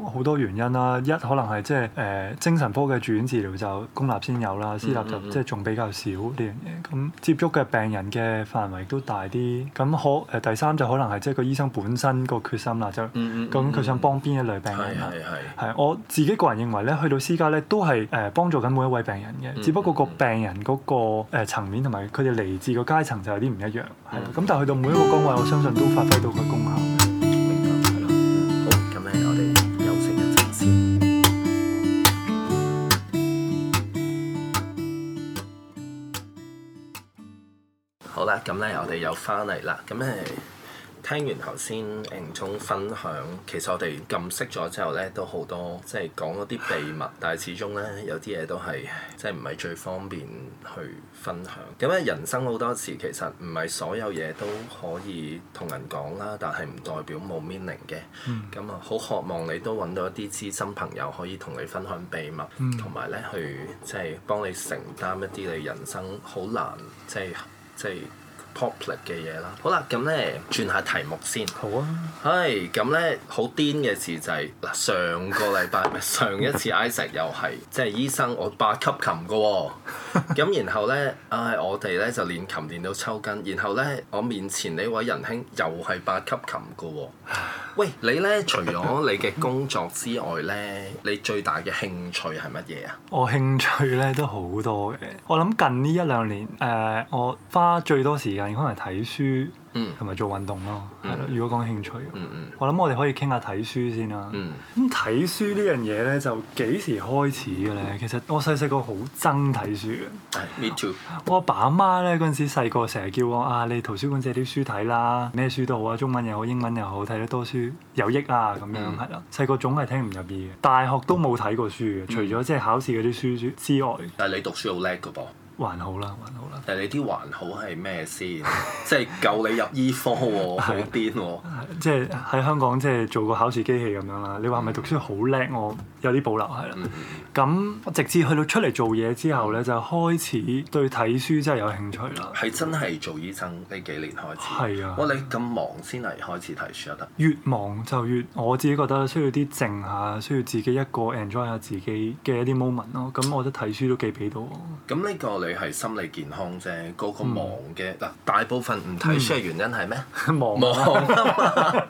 好好多原因啦。一可能係即係誒精神科嘅住院治療就公立先有啦，嗯嗯嗯私立就即係仲比較少呢樣嘢。咁、嗯嗯嗯、接觸嘅病人嘅範圍亦都大啲。咁可誒、呃、第三就可能係即係個醫生本身個決心啦，嗯嗯嗯嗯就咁佢想幫邊一類病人。係係係我自己個人認為咧，去到私家咧都係誒幫助緊每一位病人嘅，只不過個病人嗰個誒層面同埋。佢哋嚟自個階層就有啲唔一樣，係啦、嗯。咁但係去到每一個崗位，我相信都發揮到個功效嘅，明白，係咯。好，咁咧，我哋休息一陣先。好啦，咁咧，我哋又翻嚟啦，咁咧。聽完頭先聰分享，其實我哋禁識咗之後咧，都好多即係講一啲秘密，但係始終咧有啲嘢都係即係唔係最方便去分享。咁咧，人生好多時其實唔係所有嘢都可以同人講啦，但係唔代表冇 meaning 嘅。咁啊、嗯，好渴望你都揾到一啲知心朋友可以同你分享秘密，同埋咧去即係幫你承擔一啲你人生好難即係即係。p o p l i r 嘅嘢啦，好啦，咁咧轉下題目先。好啊。係、哎，咁咧好癲嘅事就係、是、嗱，上個禮拜咪 [LAUGHS] 上一次 i s a t 又係，即係醫生我八級琴噶喎、哦。咁 [LAUGHS] 然後咧，唉、哎，我哋咧就練琴練到抽筋，然後咧我面前呢位仁兄又係八級琴噶喎、哦。 [LAUGHS] 喂，你咧除咗你嘅工作之外咧，你最大嘅興趣係乜嘢啊？我興趣咧都好多嘅，我諗近呢一兩年誒、呃，我花最多時。可能睇書同埋、嗯、做運動咯，係咯、嗯。如果講興趣，嗯、我諗我哋可以傾下睇書先啦。咁睇、嗯嗯、書呢樣嘢咧，就幾時開始嘅咧？嗯、其實我細細個好憎睇書嘅。哎、me too。我阿爸阿媽咧嗰陣時細個成日叫我啊，你圖書館借啲書睇啦，咩書都好啊，中文又好，英文又好，睇得多書有益啊咁樣係咯。細個、嗯、總係聽唔入耳嘅，大學都冇睇過書嘅，除咗即係考試嗰啲書之外。但係你讀書好叻嘅噃。還好啦，還好啦。但係你啲還好係咩先？即係 [LAUGHS] 救你入醫科好癲喎！ [LAUGHS] 即係喺香港即係、即係、做個考試機器咁樣啦。你話係咪讀書好叻、嗯、我？有啲保留係啦，咁、嗯、直至去到出嚟做嘢之後咧，就開始對睇書真係有興趣啦。係真係做醫生呢幾年開始，係啊，哇你咁忙先嚟開始睇書得？越忙就越，我自己覺得需要啲靜下，需要自己一個 enjoy 下自己嘅一啲 moment 咯。咁我覺得睇書都幾俾到我。咁呢個你係心理健康啫。個個忙嘅嗱，大部分唔睇書嘅原因係咩？嗯、忙啊嘛，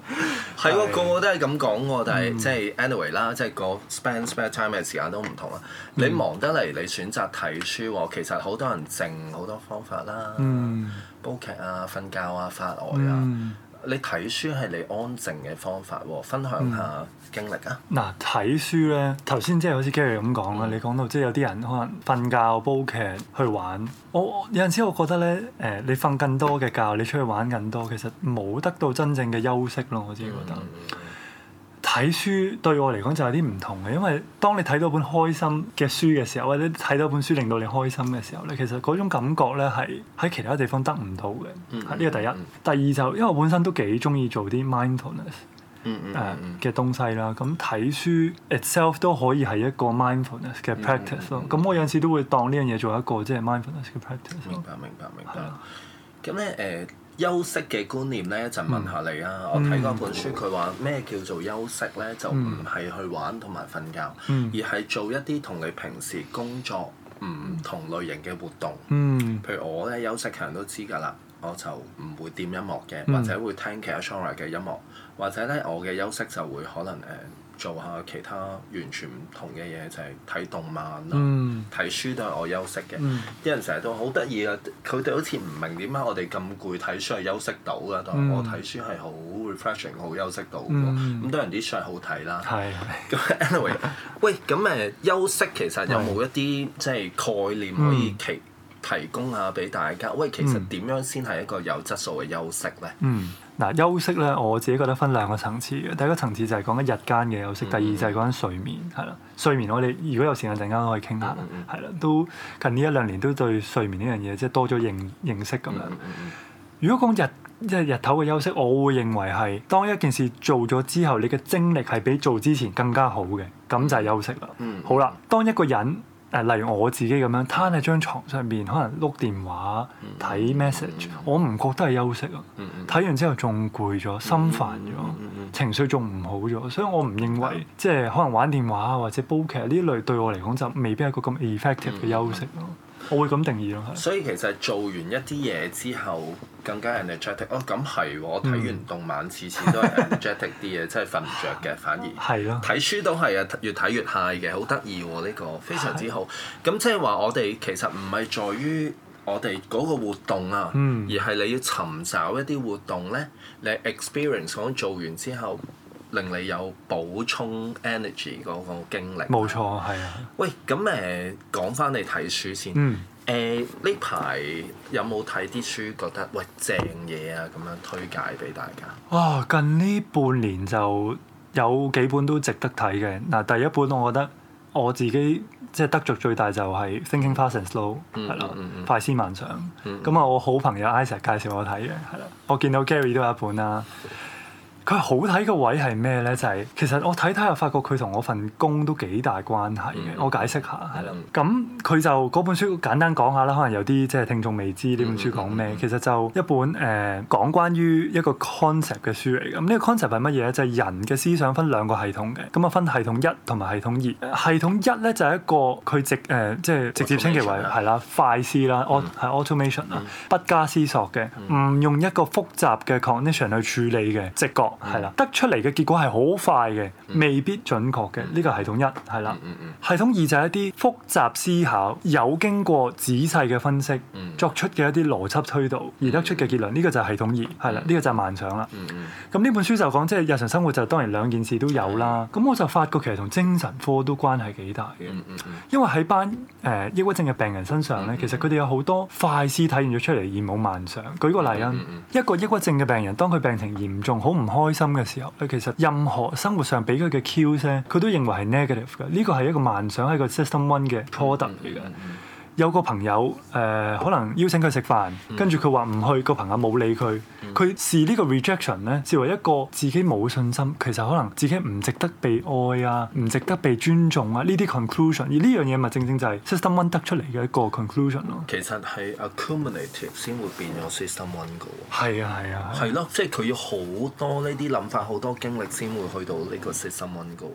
係喎，嗯、個個都係咁講喎，但係即係 anyway 啦，即、anyway, 係、嗰個。spend time 嘅時間都唔同啦，嗯、你忙得嚟你選擇睇書喎，其實好多人靜好多方法啦，煲、嗯、劇啊、瞓覺啊、發呆啊，嗯、你睇書係你安靜嘅方法喎，分享下經歷啊。嗱、嗯，睇書咧，頭先即係好似 Gary 咁講啦，嗯、你講到即係有啲人可能瞓覺煲劇去玩，我有陣時我覺得咧，誒、呃、你瞓更多嘅覺，你出去玩更多，其實冇得到真正嘅休息咯，我自己覺得。嗯睇書對我嚟講就有啲唔同嘅，因為當你睇到本開心嘅書嘅時候，或者睇到本書令到你開心嘅時候咧，其實嗰種感覺咧係喺其他地方得唔到嘅。呢個、mm hmm。啊、第一。第二就是、因為我本身都幾鍾意做啲 mindfulness 嘅、mm hmm。啊、東西啦，咁、啊、睇書 itself 都可以係一個 mindfulness 嘅 practice 咯。咁我有陣時都會當呢樣嘢做一個即係 mindfulness 嘅 practice。明白，明白，明白。咁咧誒。休息嘅觀念咧，一陣問下你啊。嗯、我睇過一本書，佢話咩叫做休息咧？嗯、就唔係去玩同埋瞓覺，嗯、而係做一啲同你平時工作唔同類型嘅活動。嗯、譬如我咧休息其實都知㗎啦，我就唔會掂音樂嘅，嗯、或者會聽其他 genre 嘅音樂，或者咧我嘅休息就會可能誒。呃做下其他完全唔同嘅嘢，就係、是、睇動漫啦，睇、嗯、書都係我休息嘅。啲、嗯、人成日都好得意啊，佢哋好似唔明點解我哋咁攰睇書係休息到嘅？但、嗯、我睇書係好 refreshing 好休息到嘅。咁多、嗯、人啲書好睇啦。係的。咁 anyway，喂，咁誒休息其實有冇一啲的、嗯、即係概念可以提提供下俾大家？喂，其實點樣先係一個有質素嘅休息咧？嗯嗯嗱，休息咧，我自己覺得分兩個層次嘅。第一個層次就係講緊日間嘅休息，嗯、第二就係講緊睡眠，係啦。睡眠我哋如果有時間陣間可以傾下，係啦、嗯。都近呢一兩年都對睡眠呢樣嘢即係多咗認認識咁樣。嗯嗯、如果講日即係日頭嘅休息，我會認為係當一件事做咗之後，你嘅精力係比做之前更加好嘅，咁就係休息啦。嗯、好啦，當一個人。誒，例如我自己咁樣攤喺張床上面，可能碌電話睇 message，我唔覺得係休息啊！睇完之後仲攰咗，心煩咗，情緒仲唔好咗，所以我唔認為、嗯、即係可能玩電話啊，或者煲劇呢類對我嚟講就未必係一個咁 effective 嘅休息咯。嗯嗯。我會咁定義咯。所以其實做完一啲嘢之後，更加 energetic。哦，咁係喎，睇、嗯哦、完動漫次次都係 energetic 啲嘢， [LAUGHS] 真係瞓唔著嘅反而。係咯的。睇書都係啊，越睇越 high 嘅，好得意喎！呢、呢個非常之好。咁即係話，我哋其實唔係在於我哋嗰個活動啊，嗯、而係你要尋找一啲活動咧，你 experience 講做完之後。令你有補充 energy 嗰個經歷。冇錯，係啊。喂，咁誒講翻你睇書先。嗯。誒呢排有冇睇啲書覺得喂正嘢啊？咁樣推介俾大家。哇，近呢半年就有幾本都值得睇嘅。嗱，第一本我覺得我自己即係得着最大就係《Thinking Fast and Slow》，係啦，快思慢想。咁啊、嗯，我好朋友 Isaac 介紹我睇嘅，係啦、啊。我見到 Gary 都有一本啦、啊。佢好睇嘅位係咩咧？就係、係、其實我睇睇又發覺佢同我份工都幾大關係嘅。嗯、我解釋下，係啦、嗯。咁佢的就嗰本書簡單講下啦。可能有啲即係聽眾未知呢本書講咩。嗯、其實就一本誒、呃、講關於一個 concept 嘅書嚟嘅。咁、嗯呢個、呢個 concept 係乜嘢咧？就係、係、人嘅思想分兩個系統嘅。咁啊分系統一同埋系統二。系統一咧就係一個佢直誒即係直接稱其為係啦快思啦，係 automation 啦、嗯，不加思索嘅，唔用一個複雜嘅 condition 去處理嘅直覺，係啦，得出嚟嘅結果係好快嘅，未必準確嘅。呢個系統一係啦，系統二就係一啲複雜思考，有經過仔細嘅分析，作出嘅一啲邏輯推導而得出嘅結論。呢個就係系統二，係啦，呢個就係慢想啦。咁呢本書就講即係日常生活就當然兩件事都有啦。咁我就發覺其實同精神科都關係幾大嘅，因為喺班誒抑鬱症嘅病人身上咧，其實佢哋有好多快思體現咗出嚟而冇慢想。舉個例，啊，一個抑鬱症嘅病人，當佢病情嚴重，好唔開開心嘅時候咧，其實任何生活上俾佢嘅 cue，佢都認為係 negative 嘅。呢個係一個幻想，係一個 system one 嘅 product 嚟嘅。嗯有個朋友誒、呃，可能邀請佢食飯，跟住佢話唔去，個朋友冇理佢。佢、嗯、視個呢個 rejection 咧，視為一個自己冇信心，其實可能自己唔值得被愛啊，唔值得被尊重啊，呢啲 conclusion。而呢樣嘢咪正正就係 system one 得出嚟嘅一個 conclusion 咯。其實係 accumulative 先會變咗 system one 噶喎。係啊係啊。係咯、啊，即係佢要好多呢啲諗法，好多經歷先會去到呢個 system one 噶喎。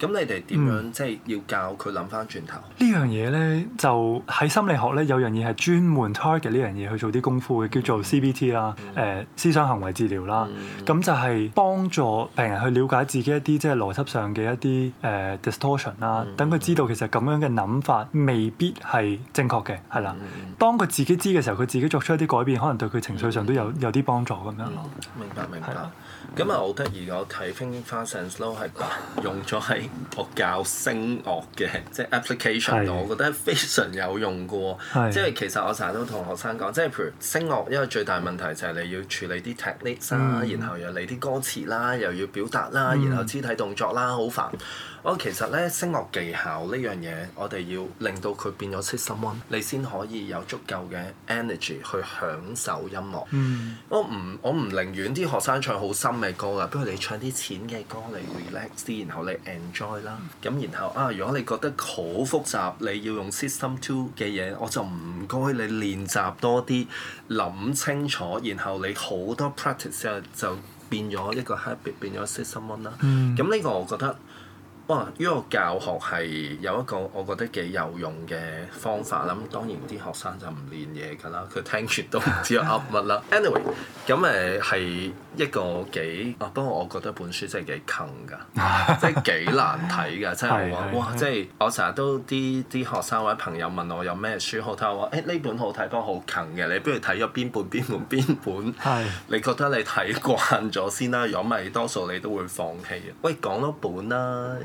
咁你哋點樣即係要教佢諗返轉頭？呢樣嘢咧就喺心理學咧有樣嘢係專門 target 呢樣嘢去做啲功夫嘅，叫做 CBT 啦，誒思想行為治療啦。咁就係幫助病人去了解自己一啲即係邏輯上嘅一啲誒 distortion 啦。等佢知道其實咁樣嘅諗法未必係正確嘅，係啦。當佢自己知嘅時候，佢自己作出一啲改變，可能對佢情緒上都有有啲幫助咁樣咯。明白，明白。咁啊好得意！我睇《Thinking Fast and Slow》係用咗喺我教聲樂嘅即係 application 度的，我覺得非常有用嘅喎。即係其實我成日都同學生講，即係譬如聲樂，一個最大問題就係你要處理啲 techniques 啦，嗯、然後又嚟啲歌詞啦，又要表達啦，然後肢體動作啦，好煩。嗯。我其實咧，聲樂技巧呢樣嘢，我哋要令到佢變咗 system one，你先可以有足夠嘅 energy 去享受音樂。嗯。我唔，我唔寧願啲學生唱好深嘅歌啊，不如你唱啲淺嘅歌嚟 relax 啲，然後你 enjoy 啦。咁然後啊，如果你覺得好複雜，你要用 system two 嘅嘢，我就唔該你練習多啲，諗清楚，然後你好多 practice 啊，就變咗一個 habit，變咗 system one 啦。咁呢、嗯、個我覺得。呢個教學係有一個我覺得幾有用嘅方法啦。當然啲學生就唔練嘢㗎啦，佢聽完都唔知噏乜啦。Anyway，咁誒係一個幾啊，不過我覺得本書真係幾近㗎， [LAUGHS] 即係幾難睇㗎，真、就、係、是、 [LAUGHS] 哇！即係我成日都啲啲學生或者朋友問我有咩書好睇。欸」我話誒呢本好睇不過好近嘅，你不如睇咗邊本邊本邊本，本本 [LAUGHS] 你覺得你睇慣咗先啦、啊，如果唔係多數你都會放棄嘅、啊。喂，講多本啦、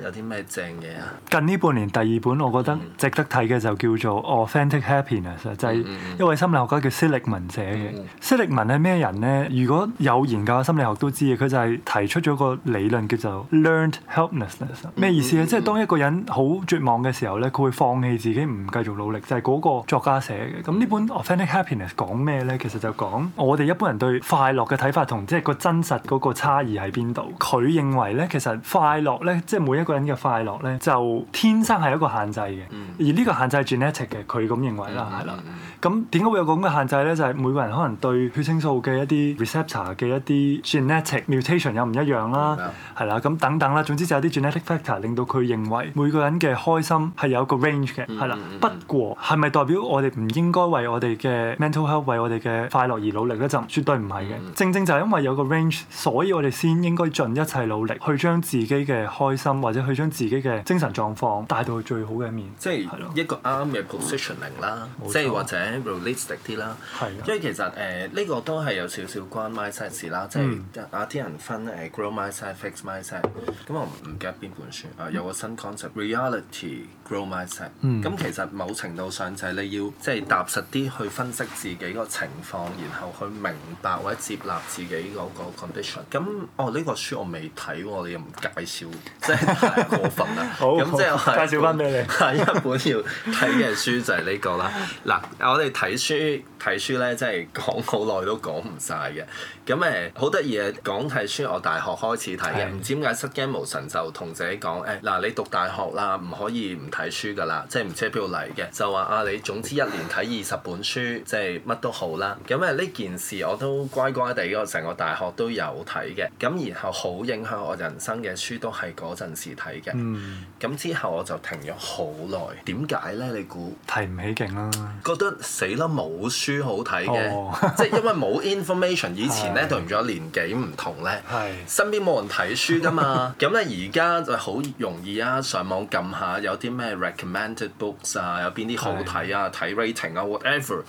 啊。啲咩正嘢啊？近呢半年第二本，我覺得值得睇嘅就叫做《Authentic Happiness》，就係一位心理學家叫 Seligman 寫嘅。Seligman 係咩人咧？如果有研究嘅心理學都知嘅，佢就係提出咗個理論叫做 Learn《Learned Helplessness》。咩意思咧？即、就、係、是、當一個人好絕望嘅時候咧，佢會放棄自己，唔繼續努力。就係、是、嗰個作家寫嘅。咁呢本《Authentic Happiness》講咩咧？其實就講我哋一般人對快樂嘅睇法同即係個真實嗰個差異喺邊度？佢認為咧，其實快樂咧，即、就、係、是、每一個人。嘅快樂咧，就天生係一個限制嘅，嗯、而呢個限制係 genetic 嘅，佢咁認為啦，係啦、嗯。咁點解會有個咁嘅限制咧？就係、是、每個人可能對血清素嘅一啲 receptor 嘅一啲 genetic mutation 又唔一樣啦，係啦、嗯，咁等等啦，總之就有啲 genetic factor 令到佢認為每個人嘅開心係有個 range 嘅，係啦。不過係咪代表我哋唔應該為我哋嘅 mental health、為我哋嘅快樂而努力咧？就絕對唔係嘅。正正就係因為有個 range，所以我哋先應該盡一切努力去將自己嘅開心或者。佢將自己嘅精神狀況帶到去最好嘅一面，即係一個啱嘅 positioning 啦錯，即係或者 realistic 啲啦。係的，因為其實誒呢、呃這個都係有少少關 mindset 啦，嗯、即係啊啲人分誒 grow mindset fix mindset 咁我唔記得邊本書啊，有個新 concept reality。grow myself，咁其實某程度上就係你要即係踏實啲去分析自己個情況，然後去明白或者接納自己嗰個 condition。咁哦呢個書我未睇喎，你又唔介紹，即係太過分啦。咁即係我介紹翻俾你，下一本要睇嘅書就係呢個啦。嗱， [LAUGHS] 我哋睇書睇書咧，真係講好耐都講唔晒嘅。咁誒好得意嘅，講睇書，我大學開始睇嘅，唔的知點解失驚無神就同自己講誒嗱，你讀大學啦，唔可以唔～睇書㗎啦，即係唔知邊度嚟嘅，就話啊你總之一年睇二十本書，即係乜都好啦。咁啊呢件事我都乖乖地嗰成個大學都有睇嘅。咁然後好影響我人生嘅書都係嗰陣時睇嘅。咁、嗯、之後我就停咗好耐。點解咧？你估提唔起勁啦？覺得死啦冇書好睇嘅，哦、 [LAUGHS] 即係因為冇 information。以前咧同仲有年紀唔同咧，哎、身邊冇人睇書㗎嘛。咁咧而家就好容易啊，上網撳下有啲咩？咩 recommended books 啊，有邊啲好睇啊，睇的 rating 啊，whatever，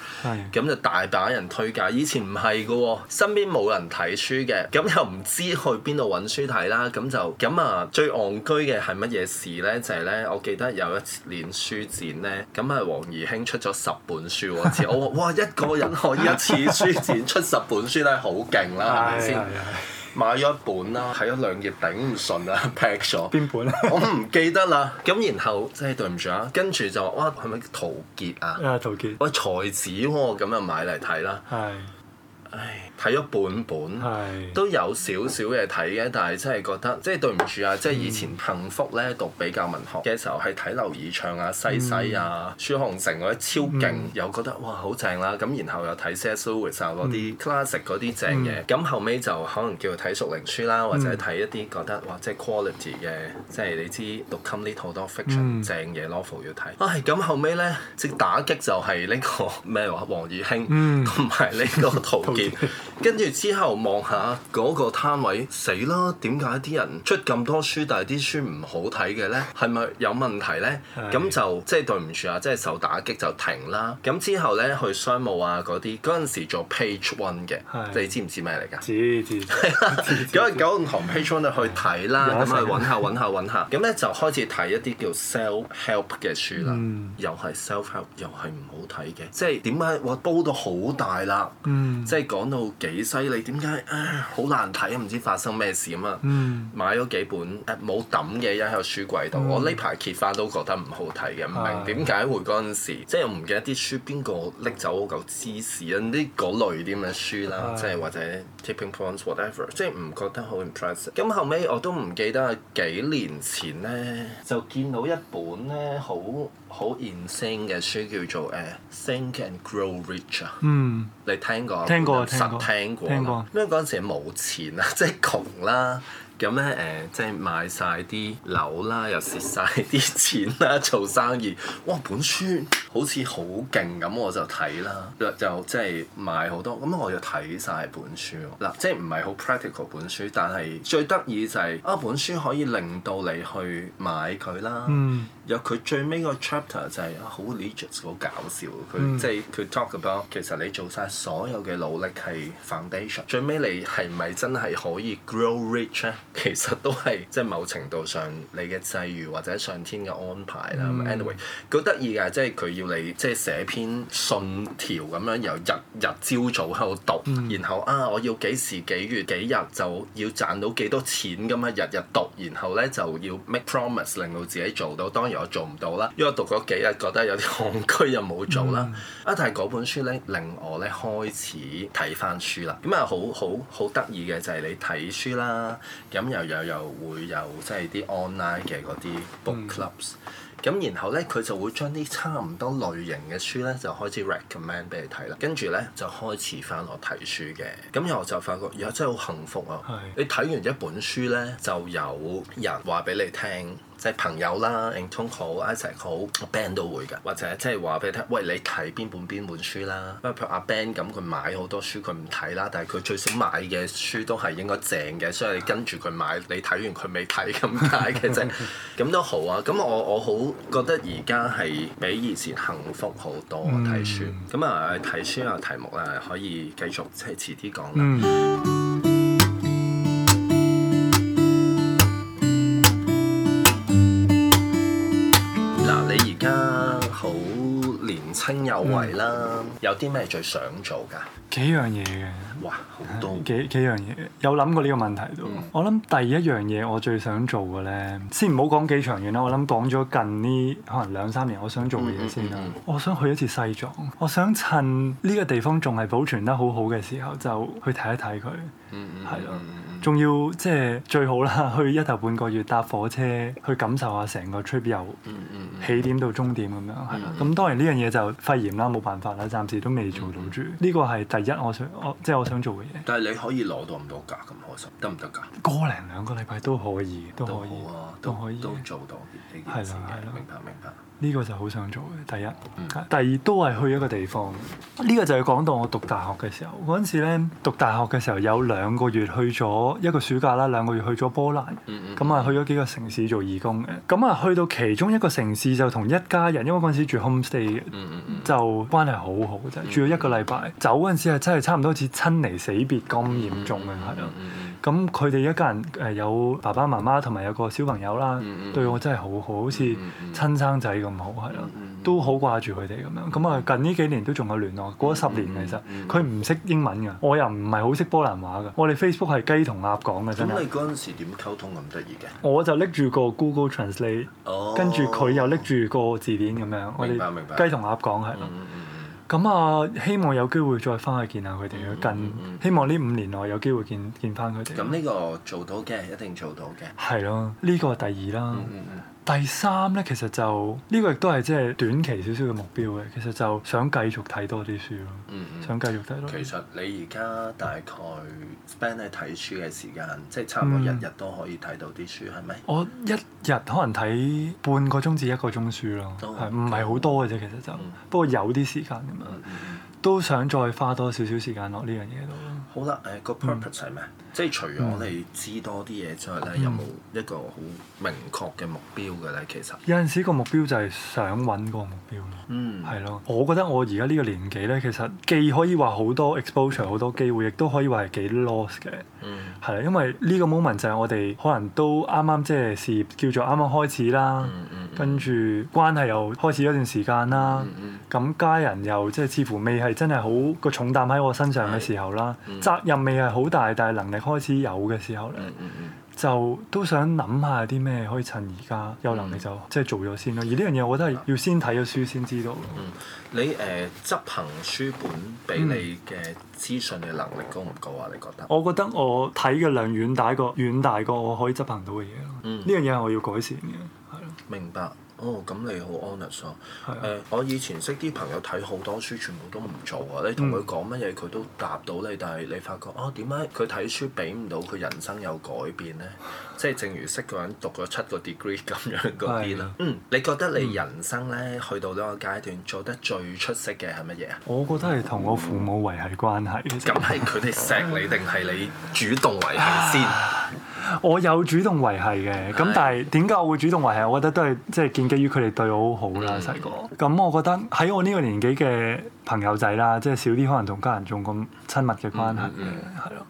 咁的就大把人推介。以前唔係嘅，身邊冇人睇書嘅，咁又唔知去邊度揾書睇啦、啊。咁就咁啊，最戇居嘅係乜嘢事呢？就係、是、呢，我記得有一年書展呢，咁啊，黃怡興出咗十本書喎，似 [LAUGHS] 我話，哇，一個人可以一次書展出十本書都係好勁啦，係咪先？ [LAUGHS] 買咗一本啦，睇咗兩頁頂唔順啦，劈咗。邊一本 [LAUGHS] 是是啊？我唔記得啦。咁然後真係對唔住啊，跟住就哇係咪陶傑啊？誒陶傑。喂，才子喎，哦，咁又買嚟睇啦。係。唉，睇咗半本，是都有少少嘢睇嘅，但係真係覺得，即係對唔住啊！嗯、即係以前幸福咧讀比較文學嘅時候，係睇劉以鬯啊、西西啊、舒、嗯、紅成嗰啲超勁，嗯、又覺得哇好正啦！咁、啊、然後又睇、嗯《Saxo》啲 classic 嗰啲正嘅，咁後尾就可能叫睇《熟齡書啦，或者睇一啲覺得哇即係 quality 嘅，即係你知讀 Come、嗯》t 呢套多 fiction 正嘢，novel 要睇。啊。咁後尾咧，即打擊就係呢、這個咩話？王貽興同埋呢個陶。 [LAUGHS] 跟住之後望下嗰個攤位死啦，點解啲人出咁多書，但係啲書唔好睇嘅咧？係咪有問題咧？咁是的 就即係、就是、對唔住啊，即、就、係、是、受打擊就停啦。咁之後咧去商務啊嗰啲，嗰陣時做 Page One 嘅，是的 你知唔知咩嚟㗎？知知。咁啊，九龍塘 Page One 去睇啦，咁、嗯、去揾下揾下揾下，咁咧、嗯、就開始睇一啲叫 Self Help 嘅書啦，嗯、又係 Self Help，又係唔好睇嘅，即係點解哇，煲到好大啦？即係是、嗯。即講到幾犀利，點解啊好難睇啊？唔知發生咩事咁、嗯、啊！買咗幾本誒冇抌嘅，依家喺個書櫃度。嗯、我呢排揭翻都覺得唔好睇嘅，唔明點解會嗰陣時，即係我唔記得啲書邊個拎走嗰嚿芝士啊？呢嗰類啲咁嘅書啦，即係、嗯、或者 tipping points whatever，即係唔覺得好 impressive。咁後尾我都唔記得幾年前呢，就見到一本呢好，好熱心嘅書叫做《誒、uh, Think and Grow Rich》啊，嗯，你聽過？聽過，實聽過，聽過因為嗰陣時係冇錢啦，即係窮啦，咁咧誒，uh, 即係買晒啲樓啦，又蝕晒啲錢啦， [LAUGHS] 做生意。哇！本書好似好勁咁，我就睇啦，就即係、就是、買好多。咁我就睇晒本書，嗱、啊，即係唔係好 practical 本書？但係最得意就係啊本書可以令到你去買佢啦。嗯。有佢最尾個 chapter 就係好 religious 好搞笑，佢、嗯、即係佢 talk about 其實你做晒所有嘅努力係 foundation，最尾你係咪真係可以 grow rich 咧？其實都係即係某程度上你嘅際遇或者上天嘅安排啦。嗯、anyway，好得意㗎，即係佢要你即係寫篇信條咁樣由日日朝早喺度讀，嗯、然後啊我要幾時幾月幾日就要賺到幾多錢咁啊，日日讀，然後咧就要 make promise 令到自己做到，當然。我做唔到啦，因為我讀咗幾日覺得有啲戇居，又冇做啦。啊、嗯，但係嗰本書咧令我咧開始睇翻書啦。咁啊，好好好得意嘅就係、是、你睇書啦，咁又又又會有即係啲 online 嘅嗰啲 book clubs、嗯。咁然後咧佢就會將啲差唔多類型嘅書咧就開始 recommend 俾你睇啦。跟住咧就開始翻我睇書嘅。咁然後我就發覺而家、呃、真係好幸福啊！是你睇完一本書咧，就有人話俾你聽。朋友啦 l i n 通好，一齊好，Ben 阿都會㗎。或者即係話俾你聽，喂，你睇邊本邊本書啦。不括阿 Ben 咁，佢買好多書，佢唔睇啦。但係佢最少買嘅書都係應該正嘅，所以你跟住佢買，你睇完佢未睇咁解嘅啫。咁 [LAUGHS] 都好啊。咁我我好覺得而家係比以前幸福好多睇、嗯、書。咁啊睇書啊，題目啊，可以繼續即係遲啲講。親友圍啦，有啲咩、嗯、最想做㗎？幾樣嘢嘅，哇，好多幾，幾樣嘢。有諗過呢個問題都。嗯、我諗第一樣嘢我最想做嘅咧，先唔好講幾長遠啦。我諗講咗近呢可能兩三年，我想做嘅嘢先啦。嗯嗯嗯嗯，我想去一次西藏，我想趁呢個地方仲係保存得好好嘅時候，就去睇一睇佢。嗯嗯，嗯嗯，係咯。仲要即係最好啦，去一頭半個月搭火車去感受下成個 trip 由起點到終點咁樣，係啦，咁當然呢樣嘢就肺炎啦，冇辦法啦，暫時都未做到住。呢個係第一我想，即係我想做嘅嘢。但係你可以攞到咁多假咁開心，得唔得假？個零兩個禮拜都可以，都可以，都可以，都做到呢件事情，明白明白。呢個就好想做嘅。第一，第二都係去一個地方。呢、這個就係講到我讀大學嘅時候，陣時咧讀大學嘅時候有兩個月去咗一個暑假啦，兩個月去咗波蘭，咁啊、嗯、去咗幾個城市做義工嘅。咁、嗯、啊去到其中一個城市就同一家人，因為陣時住 home stay，m e、嗯、就關係好好嘅啫。嗯、住咗一個禮拜，走陣時係真係差唔多好似親離死別咁嚴重嘅，係咯、嗯。咁佢哋一家人誒有爸爸媽媽同埋有個小朋友啦，嗯、對我真係好好，好似親生仔。咁好係咯，都好掛住佢哋咁樣。咁啊，近呢幾年都仲有聯絡。過咗十年其實，佢唔識英文㗎，我又唔係好識波蘭話㗎。我哋 Facebook 係雞同鴨講嘅，真係。咁你嗰時點溝通咁得意嘅？我就拎住個 Google Translate，跟住佢又拎住個字典咁樣。我哋雞同鴨講係咯。咁啊，希望有機會再翻去見下佢哋。近希望呢五年內有機會見見翻佢哋。咁呢個做到嘅一定做到嘅。係咯，呢個第二啦。第三咧，其實就呢、呢個亦都係即係短期少少嘅目標嘅。其實就想繼續睇多啲書咯，嗯、想繼續睇咯。其實你而家大概 spend 喺睇書嘅時間，即係差唔多日日都可以睇到啲書，係咪？我一日可能睇半個鐘至一個鐘書咯，係唔係好多嘅啫？嗯、其實就、嗯、不過有啲時間咁樣，嗯、都想再花多少少時間落呢樣嘢度咯。嗯、好啦，誒、uh, 個 purpose 係咩麼？即係除咗我哋知多啲嘢之外咧，有冇一個好明確嘅目標嘅咧？其實有陣時個目標就係想搵個目標咯。嗯，係咯。我覺得我而家呢個年紀咧，其實既可以話好多 exposure 好、mm. 多機會，亦都可以話係幾 lost 嘅。嗯，係啦，因為呢個 moment 就係我哋可能都啱啱即係事業叫做啱啱開始啦。Mm hmm. 跟住關係又開始一段時間啦。嗯咁、mm hmm. 家人又即係似乎未係真係好個重擔喺我身上嘅時候啦。嗯、mm。Hmm. 責任未係好大，但係能力開始有嘅時候咧，嗯嗯、就都想諗下啲咩可以趁而家有能力就即係做咗先咯。嗯、而呢樣嘢，我覺得係要先睇咗書先知道。嗯，你誒、呃、執行書本俾你嘅資訊嘅能力高唔高啊？你覺得？我覺得我睇嘅量遠大過遠大過我可以執行到嘅嘢。嗯，呢樣嘢係我要改善嘅，係咯。明白。哦，咁你好 honest 啊！誒，我以前識啲朋友睇好多書，全部都唔做啊！你同佢講乜嘢，佢都答到你，但係你發覺哦，點解佢睇書俾唔到佢人生有改變呢？即係正如識個人讀咗七個 degree 咁樣嗰啲啦。的嗯，你覺得你人生呢，去到呢個階段做得最出色嘅係乜嘢啊？我覺得係同我父母維繫關係。咁係佢哋錫你定係 [LAUGHS] 你主動維係先？ [LAUGHS] 我有主動維繫嘅，咁的但係點解我會主動維繫？我覺得都係即係建基於佢哋對我好好啦。細個咁，我覺得喺我呢個年紀嘅朋友仔啦，即係少啲可能同家人仲咁親密嘅關係嘅，係咯、嗯。誒、嗯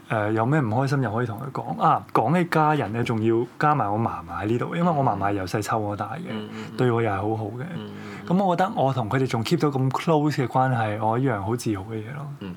嗯呃，有咩唔開心又可以同佢講啊？講起家人咧，仲要加埋我嫲嫲喺呢度，因為我嫲嫲由細湊我大嘅，嗯、對我又係好好嘅。咁、嗯、我覺得我同佢哋仲 keep 到咁 close 嘅關係，我一樣好自豪嘅嘢咯。嗱、嗯，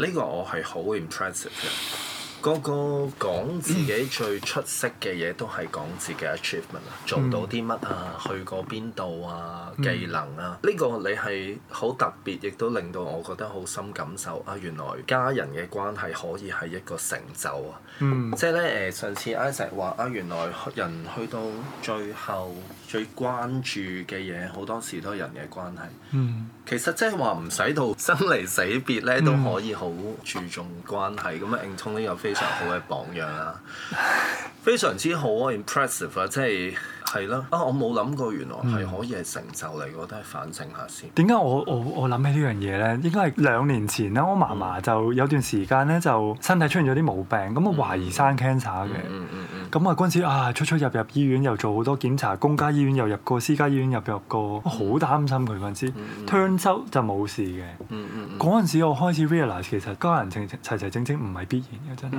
呢個我係好 impressive 嘅。嗯嗯。個個講自己、嗯、最出色嘅嘢，都係講自己 achievement 啊，做到啲乜啊，嗯、去過邊度啊，技能啊，呢、嗯、個你係好特別亦都令到我覺得好深感受啊！原來家人嘅關係可以係一個成就啊！嗯、即係咧誒上次 Isaac 話啊，原來人去到最後最關注嘅嘢，好多時都係人嘅關係。嗯、其實即係話唔使到生離死別咧，都可以好注重關係，咁啊認同呢個。飛。非常好嘅榜樣啦，非常之好啊，Impressive 啊，即係。係啦，啊！我冇諗過，原來係可以係成就嚟，我都係反省下先。點解我我我諗起呢樣嘢咧？應該係兩年前啦，我嫲嫲就有段時間咧就身體出現咗啲毛病，咁啊懷疑生 cancer 嘅。咁啊嗰陣時啊出出入入醫院又做好多檢查，公家醫院又入過，私家醫院又入過，好擔心佢嗰陣時。turned out 就冇事嘅。嗰陣時我開始 realise 其實家人正齊齊整整唔係必然嘅，真係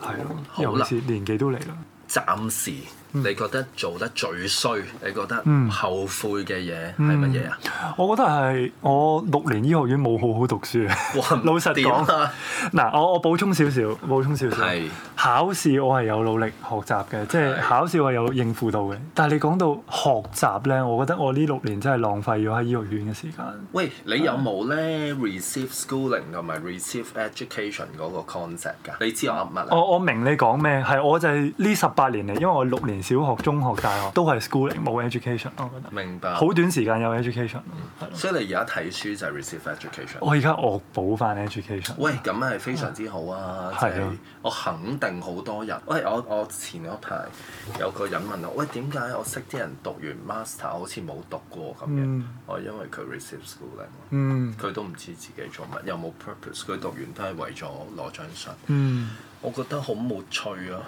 係咯。有時，年紀都嚟啦，暫時。嗯、你覺得做得最衰？你覺得後悔嘅嘢係乜嘢啊？我覺得係我六年醫學院冇好好讀書。哇老實講，嗱、啊，我我補充少，少少，補充少少，少。是考試我係有努力學習嘅，即係考試我有應付到嘅。但係你講到學習咧，我覺得我呢六年真係浪費咗喺醫學院嘅時間。喂，你有冇咧是 receive schooling 同埋 receive education 嗰個 concept 㗎？你知我噏乜、嗯、我我明你講咩？係我就係呢十八年嚟，因為我六年。小學、中學、大學都係 schooling 冇 education，我覺得。明白。好短時間有 education，、嗯嗯、所以你而家睇書就係 receive education。我而家我補翻 education。喂，咁係非常之好啊！即我肯定好多人。喂，我我前嗰排有個人問我，喂，點解我識啲人讀完 master 好似冇讀過咁嘅？嗯、我因為佢 receive schooling，佢、嗯、都唔知自己做乜，有冇 purpose。佢讀完都係為咗攞張信。我覺得好冇趣啊！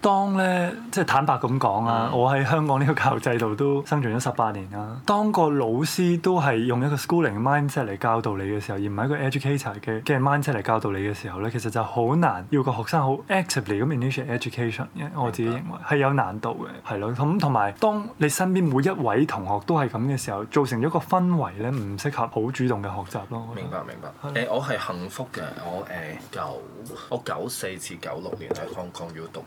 當咧即係坦白咁講啊，嗯、我喺香港呢個教育制度都生存咗十八年啦。當個老師都係用一個 schooling mindset 嚟教導你嘅時候，而唔係一個 educator 嘅嘅 mindset 嚟教導你嘅時候咧，其實就好難要個學生好 actively 咁 initiate education。明白。我自己認為係有難度嘅，係咯。咁同埋當你身邊每一位同學都係咁嘅時候，造成咗個氛圍咧，唔適合好主動嘅學習咯。明白、明白、嗯欸。我係幸福嘅，我誒九我九四至九六年喺香港要讀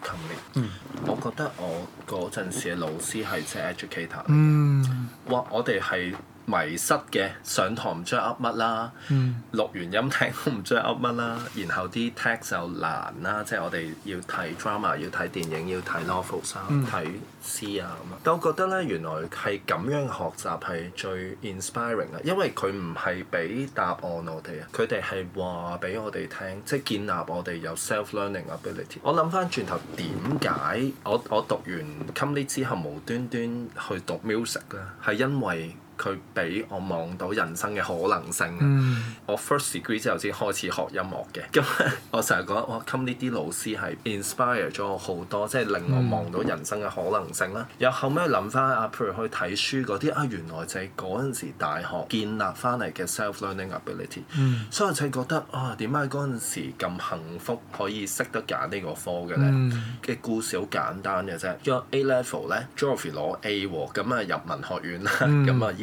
嗯，我覺得我嗰陣時嘅老師係真係 educator，嗯，哇！我哋係。迷失嘅上堂唔知噏乜啦，嗯、錄完音聽都唔知噏乜啦。然後啲 text 就難啦，即係我哋要睇 drama，要睇電影，要睇 novel，三睇詩啊咁、嗯啊。但我覺得咧，原來係咁樣學習係最 inspiring 啊，因為佢唔係俾答案我哋啊，佢哋係話俾我哋聽，即係建立我哋有 self-learning ability。我諗翻轉頭點解我我讀完 comedy 之後無端端去讀 music 咧？係因為佢俾我望到人生嘅可能性、嗯。我 first degree 之後先開始學音樂嘅，咁我成日覺得哇 come 呢啲老師係 inspire 咗我好多，即係令我望到人生嘅可能性啦。又後尾諗翻阿譬如去睇書嗰啲，啊原來就係嗰陣時大學建立翻嚟嘅 self-learning ability、嗯。所以我就覺得啊，點解嗰陣時咁幸福可以識得揀呢個科嘅咧？嘅、嗯、故事好簡單嘅啫。咁 A level 咧 Geography 攞 A 喎，咁啊入文學院啦，咁啊、嗯。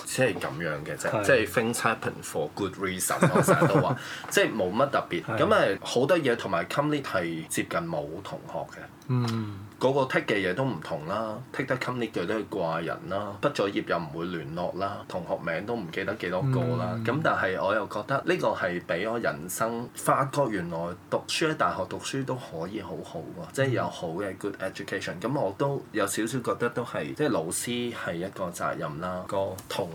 是即係咁樣嘅啫，即係 things happen for good reason。 [LAUGHS] 我成日都話，即係冇乜特別。咁誒是好多嘢同埋 comlete 係接近冇同學嘅。嗯，嗰個 tick 嘅嘢都唔同啦，tick 得 comlete 嘅都係怪人啦。畢咗業又唔會聯絡啦，同學名都唔記得幾多個啦。咁、嗯、但係我又覺得呢個係俾我人生發覺原來讀書喺大學讀書都可以好好、啊、㗎，即、就、係、是、有好嘅 good education、嗯。咁我都有少少覺得都係，即係老師係一個責任啦，個同。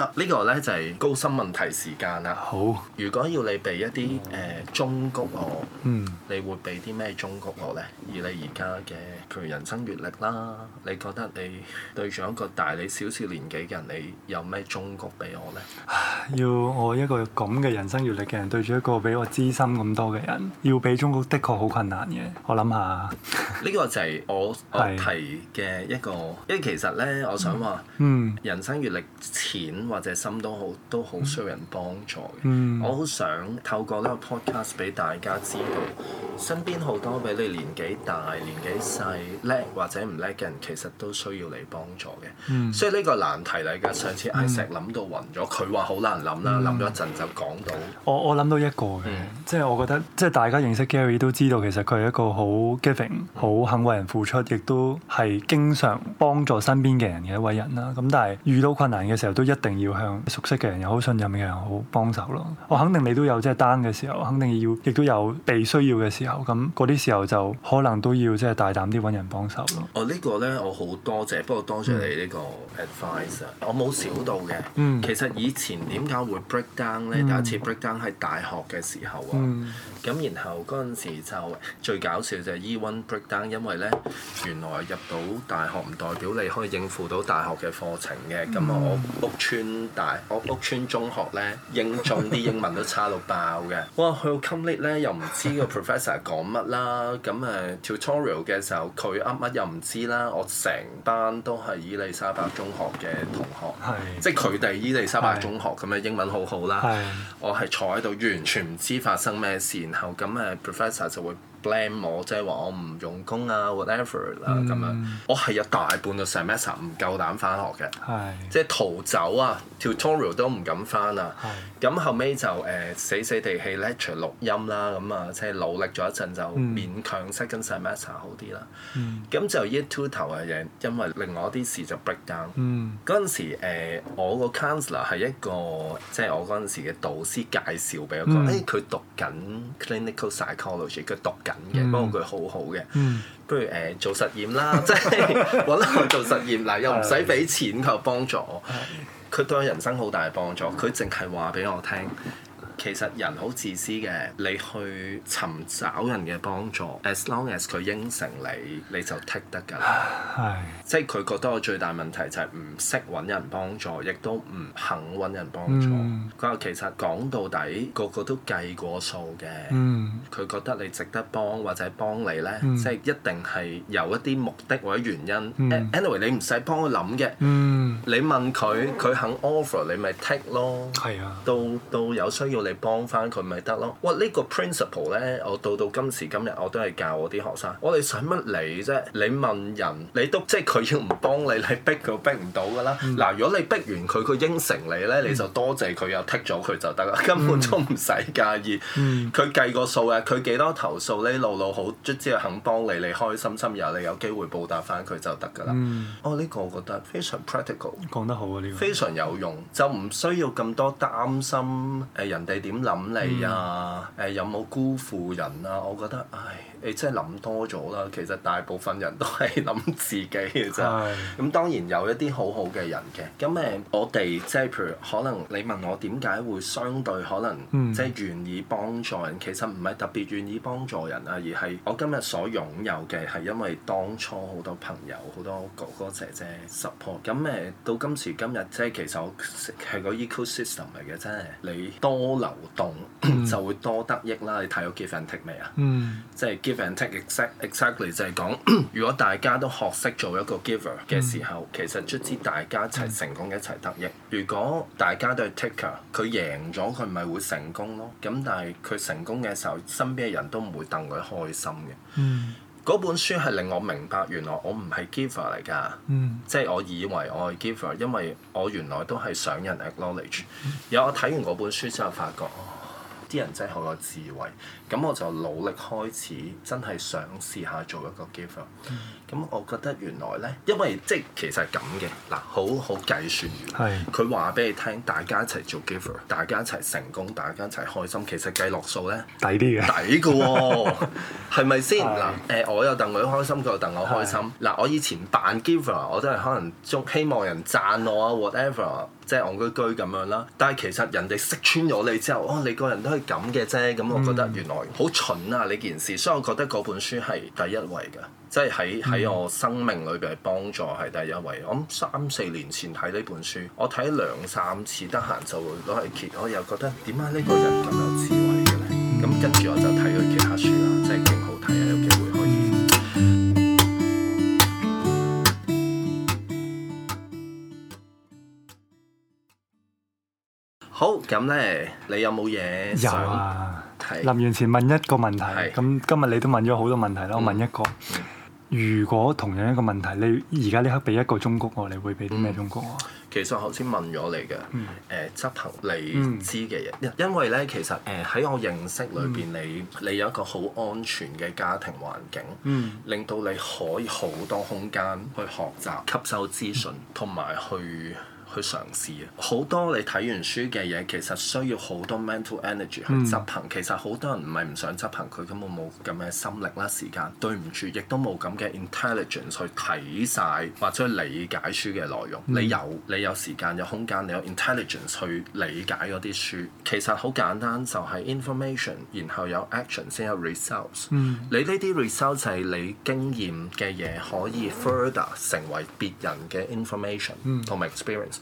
啊這個、呢個咧就係、是、高深問題時間啦。好，如果要你俾一啲誒忠告我，嗯，你會俾啲咩忠告我咧？以你而家嘅譬如人生閲歷啦，你覺得你對住一個大你少少年紀嘅人，你有咩忠告俾我咧？要我一個咁嘅人生閲歷嘅人對住一個比我資深咁多嘅人，要俾忠告的確好困難嘅。我諗下，呢個就係我，我提嘅一個，是因為其實咧，我想話，人生閲歷淺。嗯嗯或者心都好，都好需要人幫助嘅。嗯、我好想透過呢個 podcast 俾大家知道，身邊好多比你年紀大、年紀細叻或者唔叻嘅人，其實都需要你幫助嘅。嗯、所以呢個難題嚟㗎。上次 I 石諗到暈咗，佢話好難諗啦，諗咗一陣就講到。我我諗到一個嘅，即係、嗯、我覺得，即係大家認識 Gary 都知道，其實佢係一個好 giving、嗯、好肯為人付出，亦都係經常幫助身邊嘅人嘅一位人啦。咁但係遇到困難嘅時候，都一定要向熟悉嘅人又好信任嘅人好幫手咯。我肯定你都有即係 down 嘅時候，肯定要亦都有被需要嘅時候。咁嗰啲時候就可能都要即係、就是、大膽啲揾人幫手咯。哦，這個、呢個咧我好多謝不過多謝你呢個 advice 啊。我冇少到嘅。嗯。其實以前點解會 breakdown 咧？嗯、第一次 breakdown 係大學嘅時候啊。嗯。咁然後嗰陣時就最搞笑就係 even breakdown，因為咧原來入到大學唔代表你可以應付到大學嘅課程嘅。咁我村大，我屋村中學咧，英中啲英文都差到爆嘅。哇，去到 complain、um、咧，又唔知個 professor 講乜啦。咁誒、啊、tutorial 嘅時候，佢噏乜又唔知啦。我成班都係伊利沙伯中學嘅同學， [NOISE] 即係佢哋伊利沙伯中學咁樣英文好好啦。 [NOISE] 我係坐喺度，完全唔知發生咩事。然後咁誒，professor 就會 blame 我即係話我唔用功啊，whatever 啦咁、嗯、樣，我係有大半個 semester 唔夠膽返學嘅，是 即係逃走啊，tutorial 都唔敢返啊。咁後尾就誒、呃、死死地氣 lecture 錄音啦，咁啊即係努力咗一陣就、嗯、勉強 second semester 好啲啦。咁、嗯、就 year two 頭嘅嘢，因為另外啲事就 break down、嗯。嗰陣時、呃、我個 counselor 係一個即係、就是、我嗰陣時嘅導師介紹俾我講，誒佢、嗯、讀緊 clinical psychology，佢讀緊嘅，嗯、不過佢好好嘅。嗯、不如誒、呃、做實驗啦，即係揾我做實驗，嗱又唔使俾錢佢幫助我。 佢對我人生好大幫助，佢淨係話俾我聽。其實人好自私嘅，你去尋找人嘅幫助，as long as 佢應承你，你就 take 得㗎啦。係，即係佢覺得我最大問題就係唔識揾人幫助，亦都唔肯揾人幫助。佢話其實講到底，個個都計過數嘅。嗯，佢覺得你值得幫或者幫你咧，即係一定係有一啲目的或者原因。anyway 你唔使幫佢諗嘅，嗯，你問佢，佢肯 offer 你咪 take 咯。係啊，到到有需要你。你幫翻佢咪得咯？哇！這個、呢個 principle 咧，我到到今時今日我都係教我啲學生。我哋使乜理啫？你問人，你都即係佢要唔幫你，你逼佢逼唔到噶啦。嗱、嗯，如果你逼完佢，佢應承你咧，你就多謝佢、嗯、又剔咗佢就得啦，根本都唔使介意。佢、嗯、計個數嘅、啊，佢幾多投訴咧？路路好，即係肯幫你，你開心心有你有機會報答翻佢就得噶啦。嗯、哦，呢、這個我覺得非常 practical，講得好啊！呢、這個非常有用，就唔需要咁多擔心誒人哋。點諗你啊？誒，嗯、有冇辜負人啊？我覺得唉。你真係諗多咗啦，其實大部分人都係諗自己嘅啫。咁的當然有一啲好好嘅人嘅。咁誒，我哋即係譬如，可能你問我點解會相對可能、嗯、即係願意幫助人，其實唔係特別願意幫助人啊，而係我今日所擁有嘅係因為當初好多朋友、好多哥哥姐姐 support。咁誒，到今時今日即係其實我係個 ecosystem 嚟嘅啫。你多流動、嗯、 [COUGHS] 就會多得益啦。你睇到 Give and Take 未啊？嗯、即係。Give and take，exactly 就係講， [COUGHS] 如果大家都學識做一個 giver 嘅時候，嗯、其實卒之大家一齊成功、嗯、一齊得益。如果大家都係 taker 佢贏咗佢咪會成功咯。咁但係佢成功嘅時候，身邊嘅人都唔會戥佢開心嘅。嗰、嗯、本書係令我明白，原來我唔係 giver 嚟噶。即係、嗯、我以為我係 giver，因為我原來都係想人 acknowledge、嗯。有我睇完嗰本書之後，發覺啲、哦、人,人真係好有智慧。咁我就努力開始，真係想試下做一個 giver。咁、嗯、我覺得原來咧，因為即係其實係咁嘅，嗱好好計算。係佢話俾你聽，大家一齊做 giver，大家一齊成功，大家一齊開心。其實計落數咧，抵啲嘅，抵㗎喎，係咪先？嗱雷誒是、欸，我又戥佢開心，佢又戥我開心。嗱是，我以前扮 giver，我都係可能希望人讚我啊，whatever，即係戇居居咁樣啦。但係其實人哋識穿咗你之後，哦，你個人都係咁嘅啫。咁、嗯啊我，嗯、我覺得原來。好蠢啊！呢件事，所以我覺得嗰本書係第一位嘅，即係喺喺我生命裏邊嘅幫助係第一位。我諗三四年前睇呢本書，我睇兩三次，得閒就會都係揭。我又覺得點解呢個人咁有智慧嘅咧？咁跟住我就睇佢其他書啦，真係勁好睇啊！有機會可以。 [NOISE] 好，咁咧，你有冇嘢想？有啊。臨是完前問一個問題，咁是今日你都問咗好多問題啦。嗯、我問一個，嗯、如果同樣一個問題，你而家呢刻俾一個忠告我，你會俾啲咩忠告我、嗯？其實我頭先問咗你嘅，誒、嗯呃、執行你知嘅嘢，因、嗯、因為咧，其實誒喺我認識裏邊，嗯、你你有一個好安全嘅家庭環境，嗯、令到你可以好多空間去學習、吸收資訊同埋、嗯、去。去嘗試啊！好多你睇完書嘅嘢，其實需要好多 mental energy 去執行。嗯、其實好多人唔係唔想執行佢，根本冇咁嘅心力啦、時間。對唔住，亦都冇咁嘅 intelligence 去睇晒，或者去理解書嘅內容。嗯、你有你有時間、有空間、你有 intelligence 去理解嗰啲書，其實好簡單，就係、是、information，然後有 action 先有 results。嗯、你呢啲 results 係你經驗嘅嘢，可以 further 成為別人嘅 information 同埋 experience。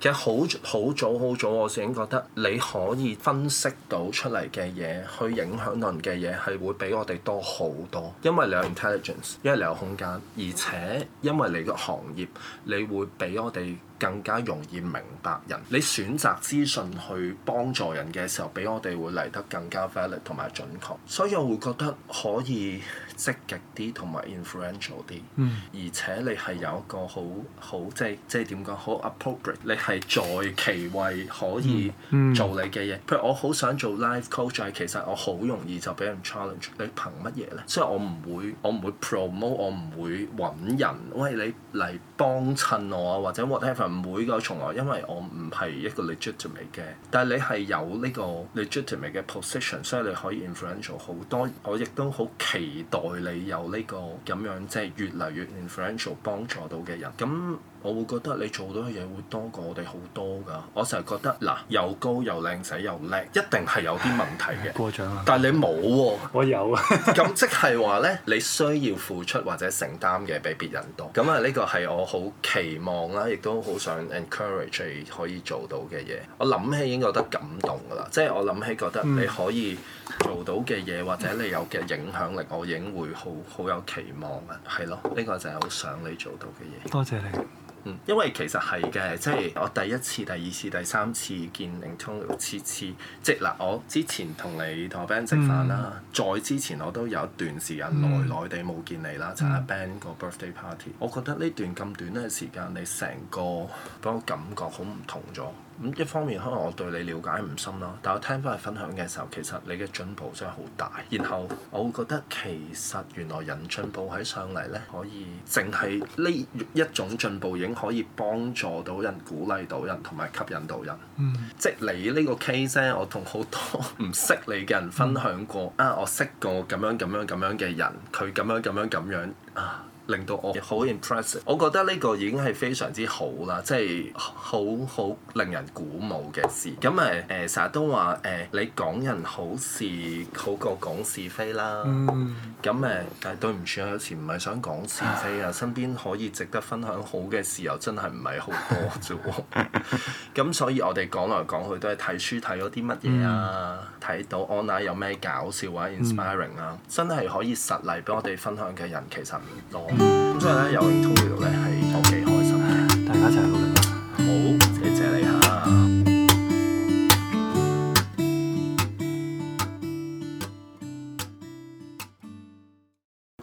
其實好好早好早，我先覺得你可以分析到出嚟嘅嘢，去影響人嘅嘢係會比我哋多好多。因為你有 intelligence，因為你有空間，而且因為你個行業，你會比我哋更加容易明白人。你選擇資訊去幫助人嘅時候，比我哋會嚟得更加 valid 同埋準確，所以我會覺得可以。積極啲同埋 influential 啲，in 嗯、而且你係有一個好好即係即係點講好 appropriate，你係在其位可以、嗯嗯、做你嘅嘢。譬如我好想做 life coach，但係其實我好容易就俾人 challenge。你憑乜嘢咧？即係我唔會我唔會 promote，我唔會揾人喂，你嚟幫襯我啊，或者 whatever。每個從來，因為我唔係一個 legitimate 嘅，但係你係有呢個 legitimate 嘅 position，所以你可以 influential 好多。我亦都好期待。佢你有呢、這個咁樣，即係越嚟越 i n f l r e n t i a l 幫助到嘅人。咁我會覺得你做到嘅嘢會多過我哋好多噶。我成日覺得嗱，又高又靚仔又叻，一定係有啲問題嘅。過獎啊！但係你冇喎。我有啊。咁我有 [LAUGHS] 即係話咧，你需要付出或者承擔嘅比別人多。咁啊，呢個係我好期望啦，亦都好想 encourage 可以做到嘅嘢。我諗起已經覺得感動噶啦，即、就、係、是、我諗起覺得你可以、嗯。做到嘅嘢或者你有嘅影響力，我影會好好有期望啊！係咯，呢、這個就係好想你做到嘅嘢。多謝你。嗯，因為其實係嘅，即、就、係、是、我第一次、第二次、第三次見你，次次即嗱，我之前同你同 Ben 食飯啦，嗯、再之前我都有一段時間、嗯、耐耐地冇見你啦，參、就、阿、是、Ben 個 birthday party、嗯。我覺得呢段咁短嘅時間，你成個俾我感覺好唔同咗。咁一方面可能我對你了解唔深咯，但我聽翻你分享嘅時候，其實你嘅進步真係好大。然後我會覺得其實原來人進步喺上嚟咧，可以淨係呢一種進步已經可以幫助到人、鼓勵到人同埋吸引到人。嗯，即係你呢個 case 咧，我同好多唔識你嘅人分享過，嗯，啊，我識過咁樣咁樣咁樣嘅人，佢咁樣咁樣咁樣啊。令到我好 impressive， [NOISE] 我覺得呢個已經係非常之好啦，即係好好令人鼓舞嘅事。咁誒誒成日都話誒、呃，你講人好事好過講是非啦。咁誒但係對唔住啊，有時唔係想講是非啊，唉身邊可以值得分享好嘅事又真係唔係好多啫。咁 [LAUGHS] [LAUGHS] [LAUGHS] 所以我哋講來講去都係睇書睇咗啲乜嘢啊？嗯睇到 online 有咩搞笑或、啊、者 inspiring 啦、啊，嗯、真係可以實例俾我哋分享嘅人其實唔多，咁、嗯、所以咧有 interview 咧係都幾開心、啊，大家一齊努力。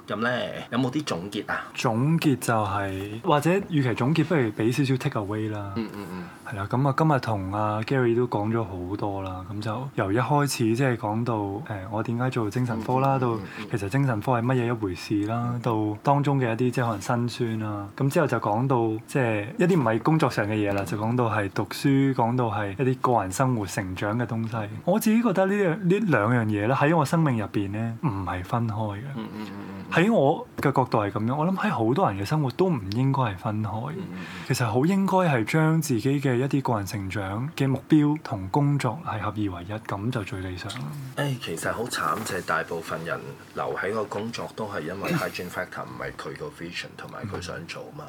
咁咧有冇啲總結啊？總結就係、是、或者與其總結，不如俾少少 take away 啦、嗯。嗯嗯嗯，係啦。咁啊，今日同阿 Gary 都講咗好多啦。咁就由一開始即係講到誒、欸、我點解做精神科啦，嗯嗯嗯嗯、到其實精神科係乜嘢一回事啦，到當中嘅一啲即係可能辛酸啦。咁之後就講到即係、就是、一啲唔係工作上嘅嘢啦，嗯、就講到係讀書，講到係一啲個人生活成長嘅東西。我自己覺得呢樣呢兩樣嘢咧喺我生命入邊咧唔係分開嘅、嗯。嗯嗯嗯嗯。喺我嘅角度係咁樣，我諗喺好多人嘅生活都唔應該係分開，嗯、其實好應該係將自己嘅一啲個人成長嘅目標同工作係合二為一，咁就最理想。誒、哎，其實好慘，就係、是、大部分人留喺個工作都係因為 hygiene factor 唔係佢個 vision 同埋佢想做嘛。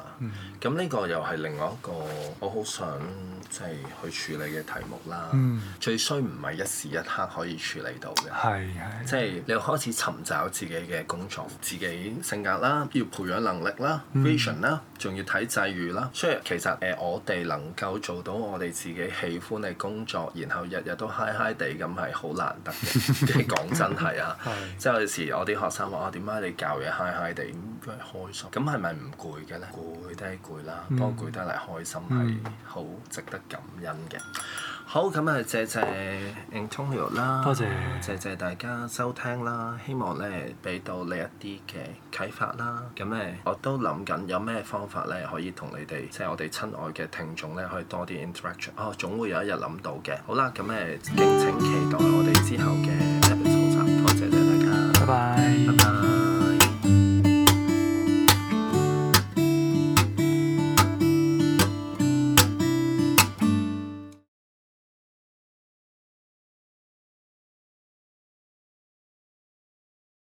咁呢、嗯、個又係另外一個我好想即係、就是、去處理嘅題目啦。嗯、最衰唔係一時一刻可以處理到嘅，係係，即係你又開始尋找自己嘅工作自己 自己性格啦，要培養能力啦、嗯、vision 啦，仲要睇際遇啦。所以其實誒、呃，我哋能夠做到我哋自己喜歡嘅工作，然後日日都嗨嗨地咁係好難得嘅。講 [LAUGHS] 真係啊，即係有時我啲學生話：我點解你教嘢嗨嗨地應該係開心？咁係咪唔攰嘅咧？攰都係攰啦，嗯、不過攰得嚟開心係好、嗯、值得感恩嘅。好咁啊！謝謝 Antonio 啦，多謝，謝，謝謝大家收聽啦。希望咧俾到你一啲嘅啟發啦。咁咧那我都諗緊有咩方法咧可以同你哋，即係我哋親愛嘅聽眾咧，可以多啲 interaction。哦，總會有一日諗到嘅。好啦，咁咧敬請期待我哋之後嘅 episode 多 [MUSIC] 謝謝大家，拜拜 bye。Bye bye